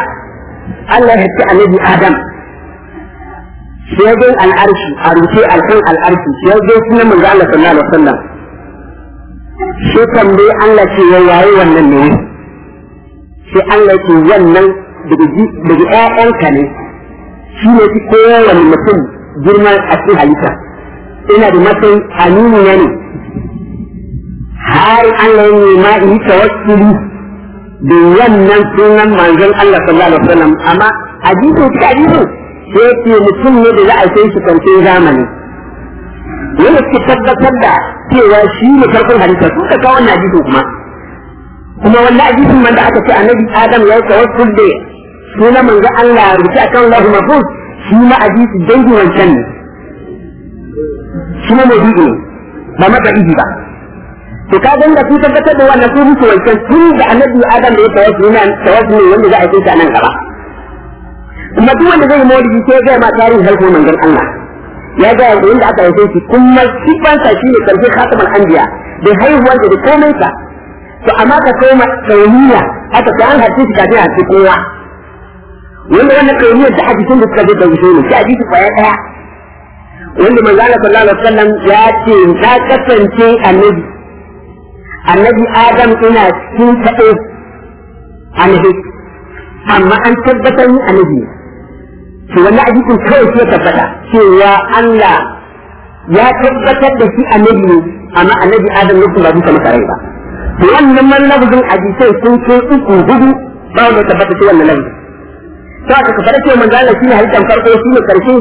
Allah ya ci annabi Adam shaidun al'arshi a rufe alkan al'arshi shaidun sunan manzo Allah sallallahu alaihi wasallam shi tambayi Allah ce ya waye wannan ne sai Allah ke wannan daga ƴaƴanka ne shi ne fi kowane mutum girman a cikin halitta ina da matsayin aminu ne ne har Allah ya nema yi tawakkuli da wannan sunan manzon Allah sallallahu alaihi wasallam amma hadisin ta hadisin sai yake mutum ne da za a kai shi karshen zamani wanda suke tabbatar da cewa shi ne farkon halitta su ka kawo na hadisin kuma kuma wannan hadisin man da aka ce annabi adam ya yi tawassul da sunan manzo Allah ya rubuta akan Allah mafus shi ma hadisi dangin wancan ne shi ne mabudi ba mabaidi ba to ka ga da su tabbatar da wannan su musu wancan tun da annabi adam da ya tawassul ne wanda za a kai shi nan gaba kuma duk wanda zai maulidi sai ya gaya ma tarihin halko manzon Allah ya gaya da inda aka haife shi kuma shi kansa shi ne karfi khatamul anbiya da haihuwar da komai sa to amma ka koma kauniya aka ta an harfi shi kafin a ci kowa wanda wannan kauniyar da hadisin da suka zo da wuce ne shi hadisi kwaya daya wanda manzo Allah sallallahu alaihi wasallam ya ce na kasance annabi annabi Adam ina cikin kaɗai annabi amma an tabbatar ni annabi ne to wannan hadisin kawai sai tabbata cewa Allah ya tabbatar da shi annabi ne amma annabi Adam ne ba bisa masa rai ba to wannan man lafazin hadisai sun kai uku hudu ba wanda tabbata shi wannan lafazin to aka kafa cewa manzo Allah shine hadisin farko shi ne karshe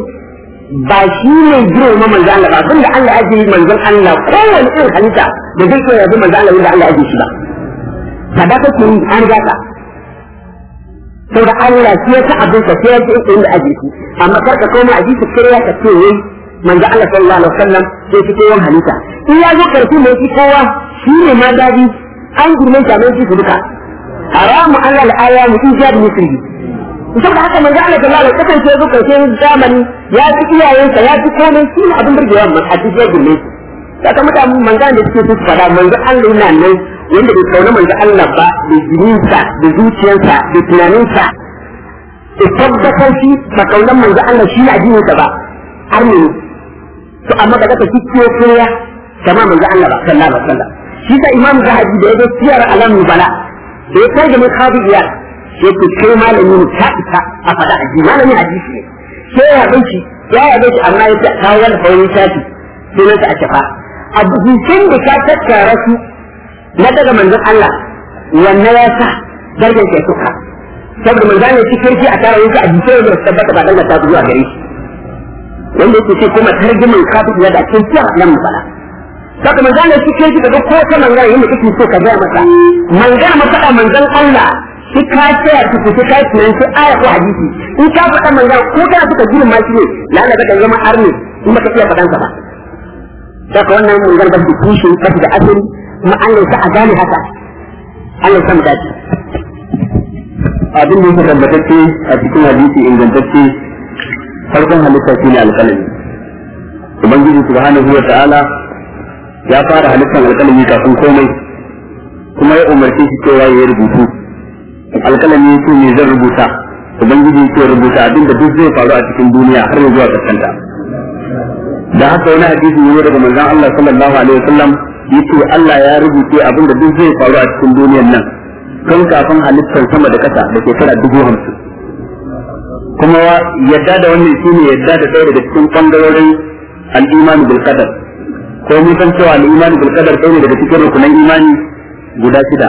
ba shi ne girma manzo Allah ba abinda Allah ya ji manzo Allah kowanne irin halitta da zai koya manzo Allah wanda Allah ya ji shi ba sadaka kun an gata sau da Allah shi ya ta abin ka sai ya ji inda shi amma kar ka koma aji shi kare ka ce wai manzo Allah sallallahu alaihi wasallam sai fito yan halitta in ya zo karfi mai shi kowa shi ne ma dadi an gurme ta mai shi duka haramu Allah al'aya mu ijab musri saboda haka manzo Allah sallallahu alaihi wasallam sai zo karfe zamani ya ci iyayensa ya ci komai shi ne abin burgewa mun hadisi ya gurmin ta kamata manzo da suke su fada manzo Allah yana nan wanda bai kauna manzo Allah ba da jininsa da zuciyarsa da tunaninsa ya tabbatar shi ba kauna manzo Allah shi ne addininsa ba har ne to amma ba ka kike koya kamar manzo Allah ba sallallahu alaihi wasallam shi da imam zahabi da yake siyar alam bala da ya kai da mun khabi ya yake kai malamin ta ta a fada addini malamin hadisi ne sai ya bai shi ya yabe shi amma ya ta kawo wani fauri shafi sai ne ta a shafa a bikin da ka tattara su na daga manzon Allah wannan ya sa darajar ke suka saboda manzon ne cikin kirki a tare yake a jikin da tabbata ba dangata zuwa gare shi wanda yake ce kuma tarjumin kafin ya da kirki a nan bala saka manzon ne cikin kirki daga ko ta manzon yanda kike so ka ga masa manzon ma faɗa manzon Allah shi ka ce a cikin shi kai ne shi aya ko hadisi in ka faɗa manzon ko ka suka jira ma shi ne lalata ka zama arni in baka iya sa ba saka wannan manzon ba su tushe ba su da asiri. kuma Allah ya a gane haka Allah ya mu dace abin da yake tabbatacce a cikin hadisi ingantacce farkon halitta shine alƙalami ubangiji subhanahu wa ta'ala ya fara halittar alƙalami kafin komai kuma ya umarce shi cewa ya rubutu alƙalami ya ce me zan rubuta ubangiji ya rubuta abin da duk zai faru a cikin duniya har yanzu a kaskanta da haka wani hadisi ne daga manzon Allah sallallahu alaihi wasallam yace Allah ya rubuce abin da duk zai faru a cikin duniyar nan tun kafin halittar sama da kasa da shekara dubu hamsin kuma yadda da wannan shi ne yadda da ɗaya daga cikin bangarorin al'imani bil qadar ko mun san cewa al'imani bil qadar daga cikin rukunan imani guda shida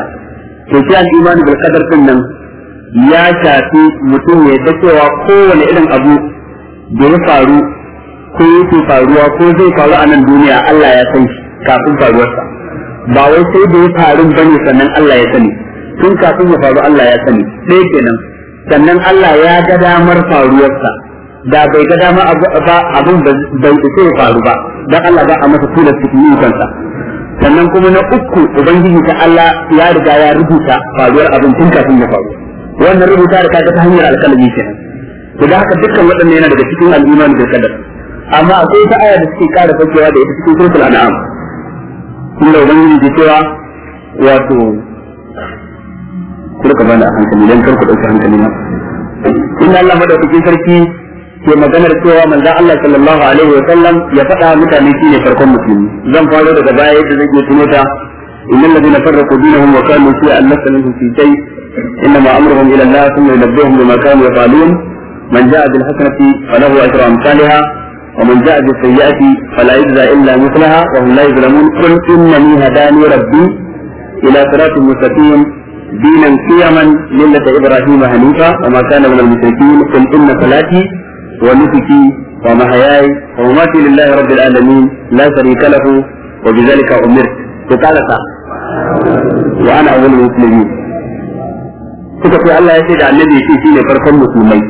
to shi al'imani bil qadar din nan ya shafi mutum ya yadda cewa kowane irin abu da ya faru ko yake faruwa ko zai faru a nan duniya Allah ya san shi kafin faruwarsa ba wai sai da ya faru bane sannan Allah ya sani tun kafin ya faru Allah ya sani ɗaya kenan sannan Allah ya ga damar faruwarsa da bai ga dama ba abin bai isa ya faru ba dan Allah ba a masa tilas cikin yin kansa sannan kuma na uku ubangiji ta Allah ya riga ya rubuta faruwar abin tun kafin ya faru wannan rubuta da kaga ta hanyar alƙalami kenan to da haka dukkan waɗannan yana daga cikin al'imani da kadar amma akwai ta aya da suke kara fakewa da ita cikin suratul an'am inda ubangiji ke cewa wato ku rika bani a hankali kar ku hankali na inda Allah madaukakin sarki ke maganar cewa manzon Allah sallallahu alaihi wa sallam ya faɗa mutane shine farkon musulmi zan faro daga baya yadda zan iya tuno farraqu dinahum wa kanu دينهم وكانوا شيئا fi منهم inna ma amruhum ila Allah thumma yunabbihum bima kanu كانوا man ja'a bil hasanati falahu ajrun أمثالها ومن جاء بالسيئة فلا يجزى إلا مثلها وهم لا يظلمون قل إنني هداني ربي إلى صراط مستقيم دينا قيما ملة إبراهيم حنيفا وما كان من المشركين قل إن صلاتي ونسكي ومحياي ومماتي لله رب العالمين لا شريك له وبذلك أمرت فقالت وأنا أول المسلمين suka ce Allah ya ce da annabi shi shine farkon musulmai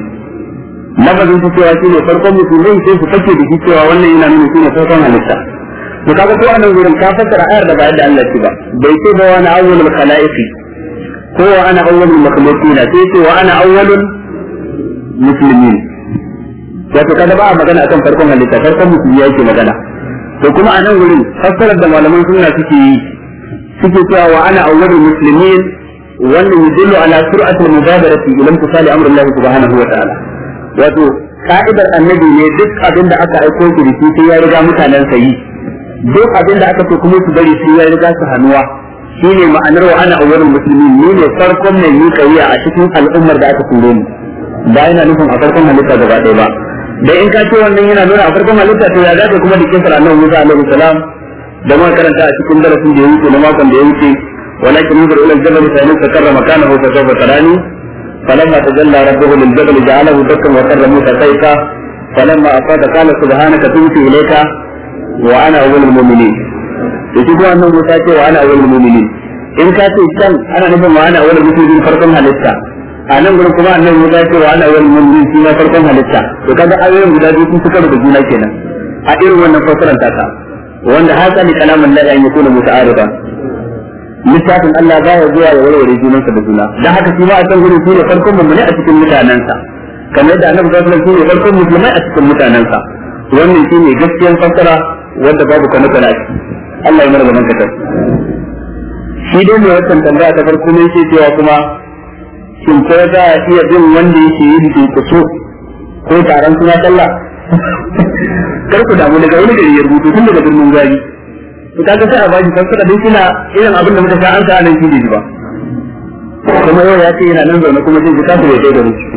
lafazin su cewa shine farkon musulmai sai su fake da shi cewa wannan yana nuna ne farkon halitta to kaga ko anan gurin ka fassara ayar da ba yadda Allah ce ba bai ce ba wani awwalul khalaiqi ko wa ana awwalul makhluqin sai ce wa ana awwalul muslimin ka kada ba magana akan farkon halitta farkon musulmi yake magana to kuma anan gurin fassarar da malaman sunna suke yi suke cewa wa ana awwalul muslimin wannan yadullu ala sur'atil mubadarati ila imtisali amrillahi subhanahu wa ta'ala wato ka'idar annabi ne duk abin da aka aiko shi da sai ya riga mutanen sa yi duk abin da aka ce kuma su bari sai ya riga su hannuwa shine ma'anar wa ana awwalul muslimin ne ne farkon mai yi kariya a cikin al'ummar da aka turo ni ba yana nufin a farkon halitta gaba ɗaya ba da in ka ce wannan yana nuna a farkon halitta to ya dace kuma da sa annabi Musa alaihi salam da muka karanta a cikin darasin da ya wuce na makon da ya wuce walakin yuzuru ila al-jabal fa karrama takarrama kana fa sawfa tarani فلما تجلى ربه للجبل جعله دكا وقر موسى سيكا فلما أفاد قال سبحانك تبت إليك وأنا أول المؤمنين يجب أن موسى وأنا أول المؤمنين in ka ce can ana nufin ma'ana wani mutum farkon halitta a nan gurin kuma annabi Musa ya ce wa ana wani mutum shi na farkon halitta to kaga ayoyin guda biyu sun fitar da juna kenan a irin wannan fasaran taka wanda hasa ne kalamin la ya yakuna muta'arifa littafin Allah ba ya zuwa ya warware junansa da juna dan haka shi ba a san gurin shi ne farkon ne a cikin mutanansa. kamar da annabi sallallahu alaihi wasallam shi ne farkon a cikin mutanensa wannan shi ne gaskiyar fassara wanda babu kana kana Allah ya mana gaban ka shi dai ne wannan tambaya ta farko ne shi cewa kuma shin ko za a iya bin wanda yake da dukusu ko taron suna sallah kar ku damu daga wani gari ya rubutu tun daga birnin gari to kaga sai a ba shi fassara dai irin abin da muka sha an sa nan shi ba kuma yau ya ce yana nan zaune kuma sai ta ce da kai da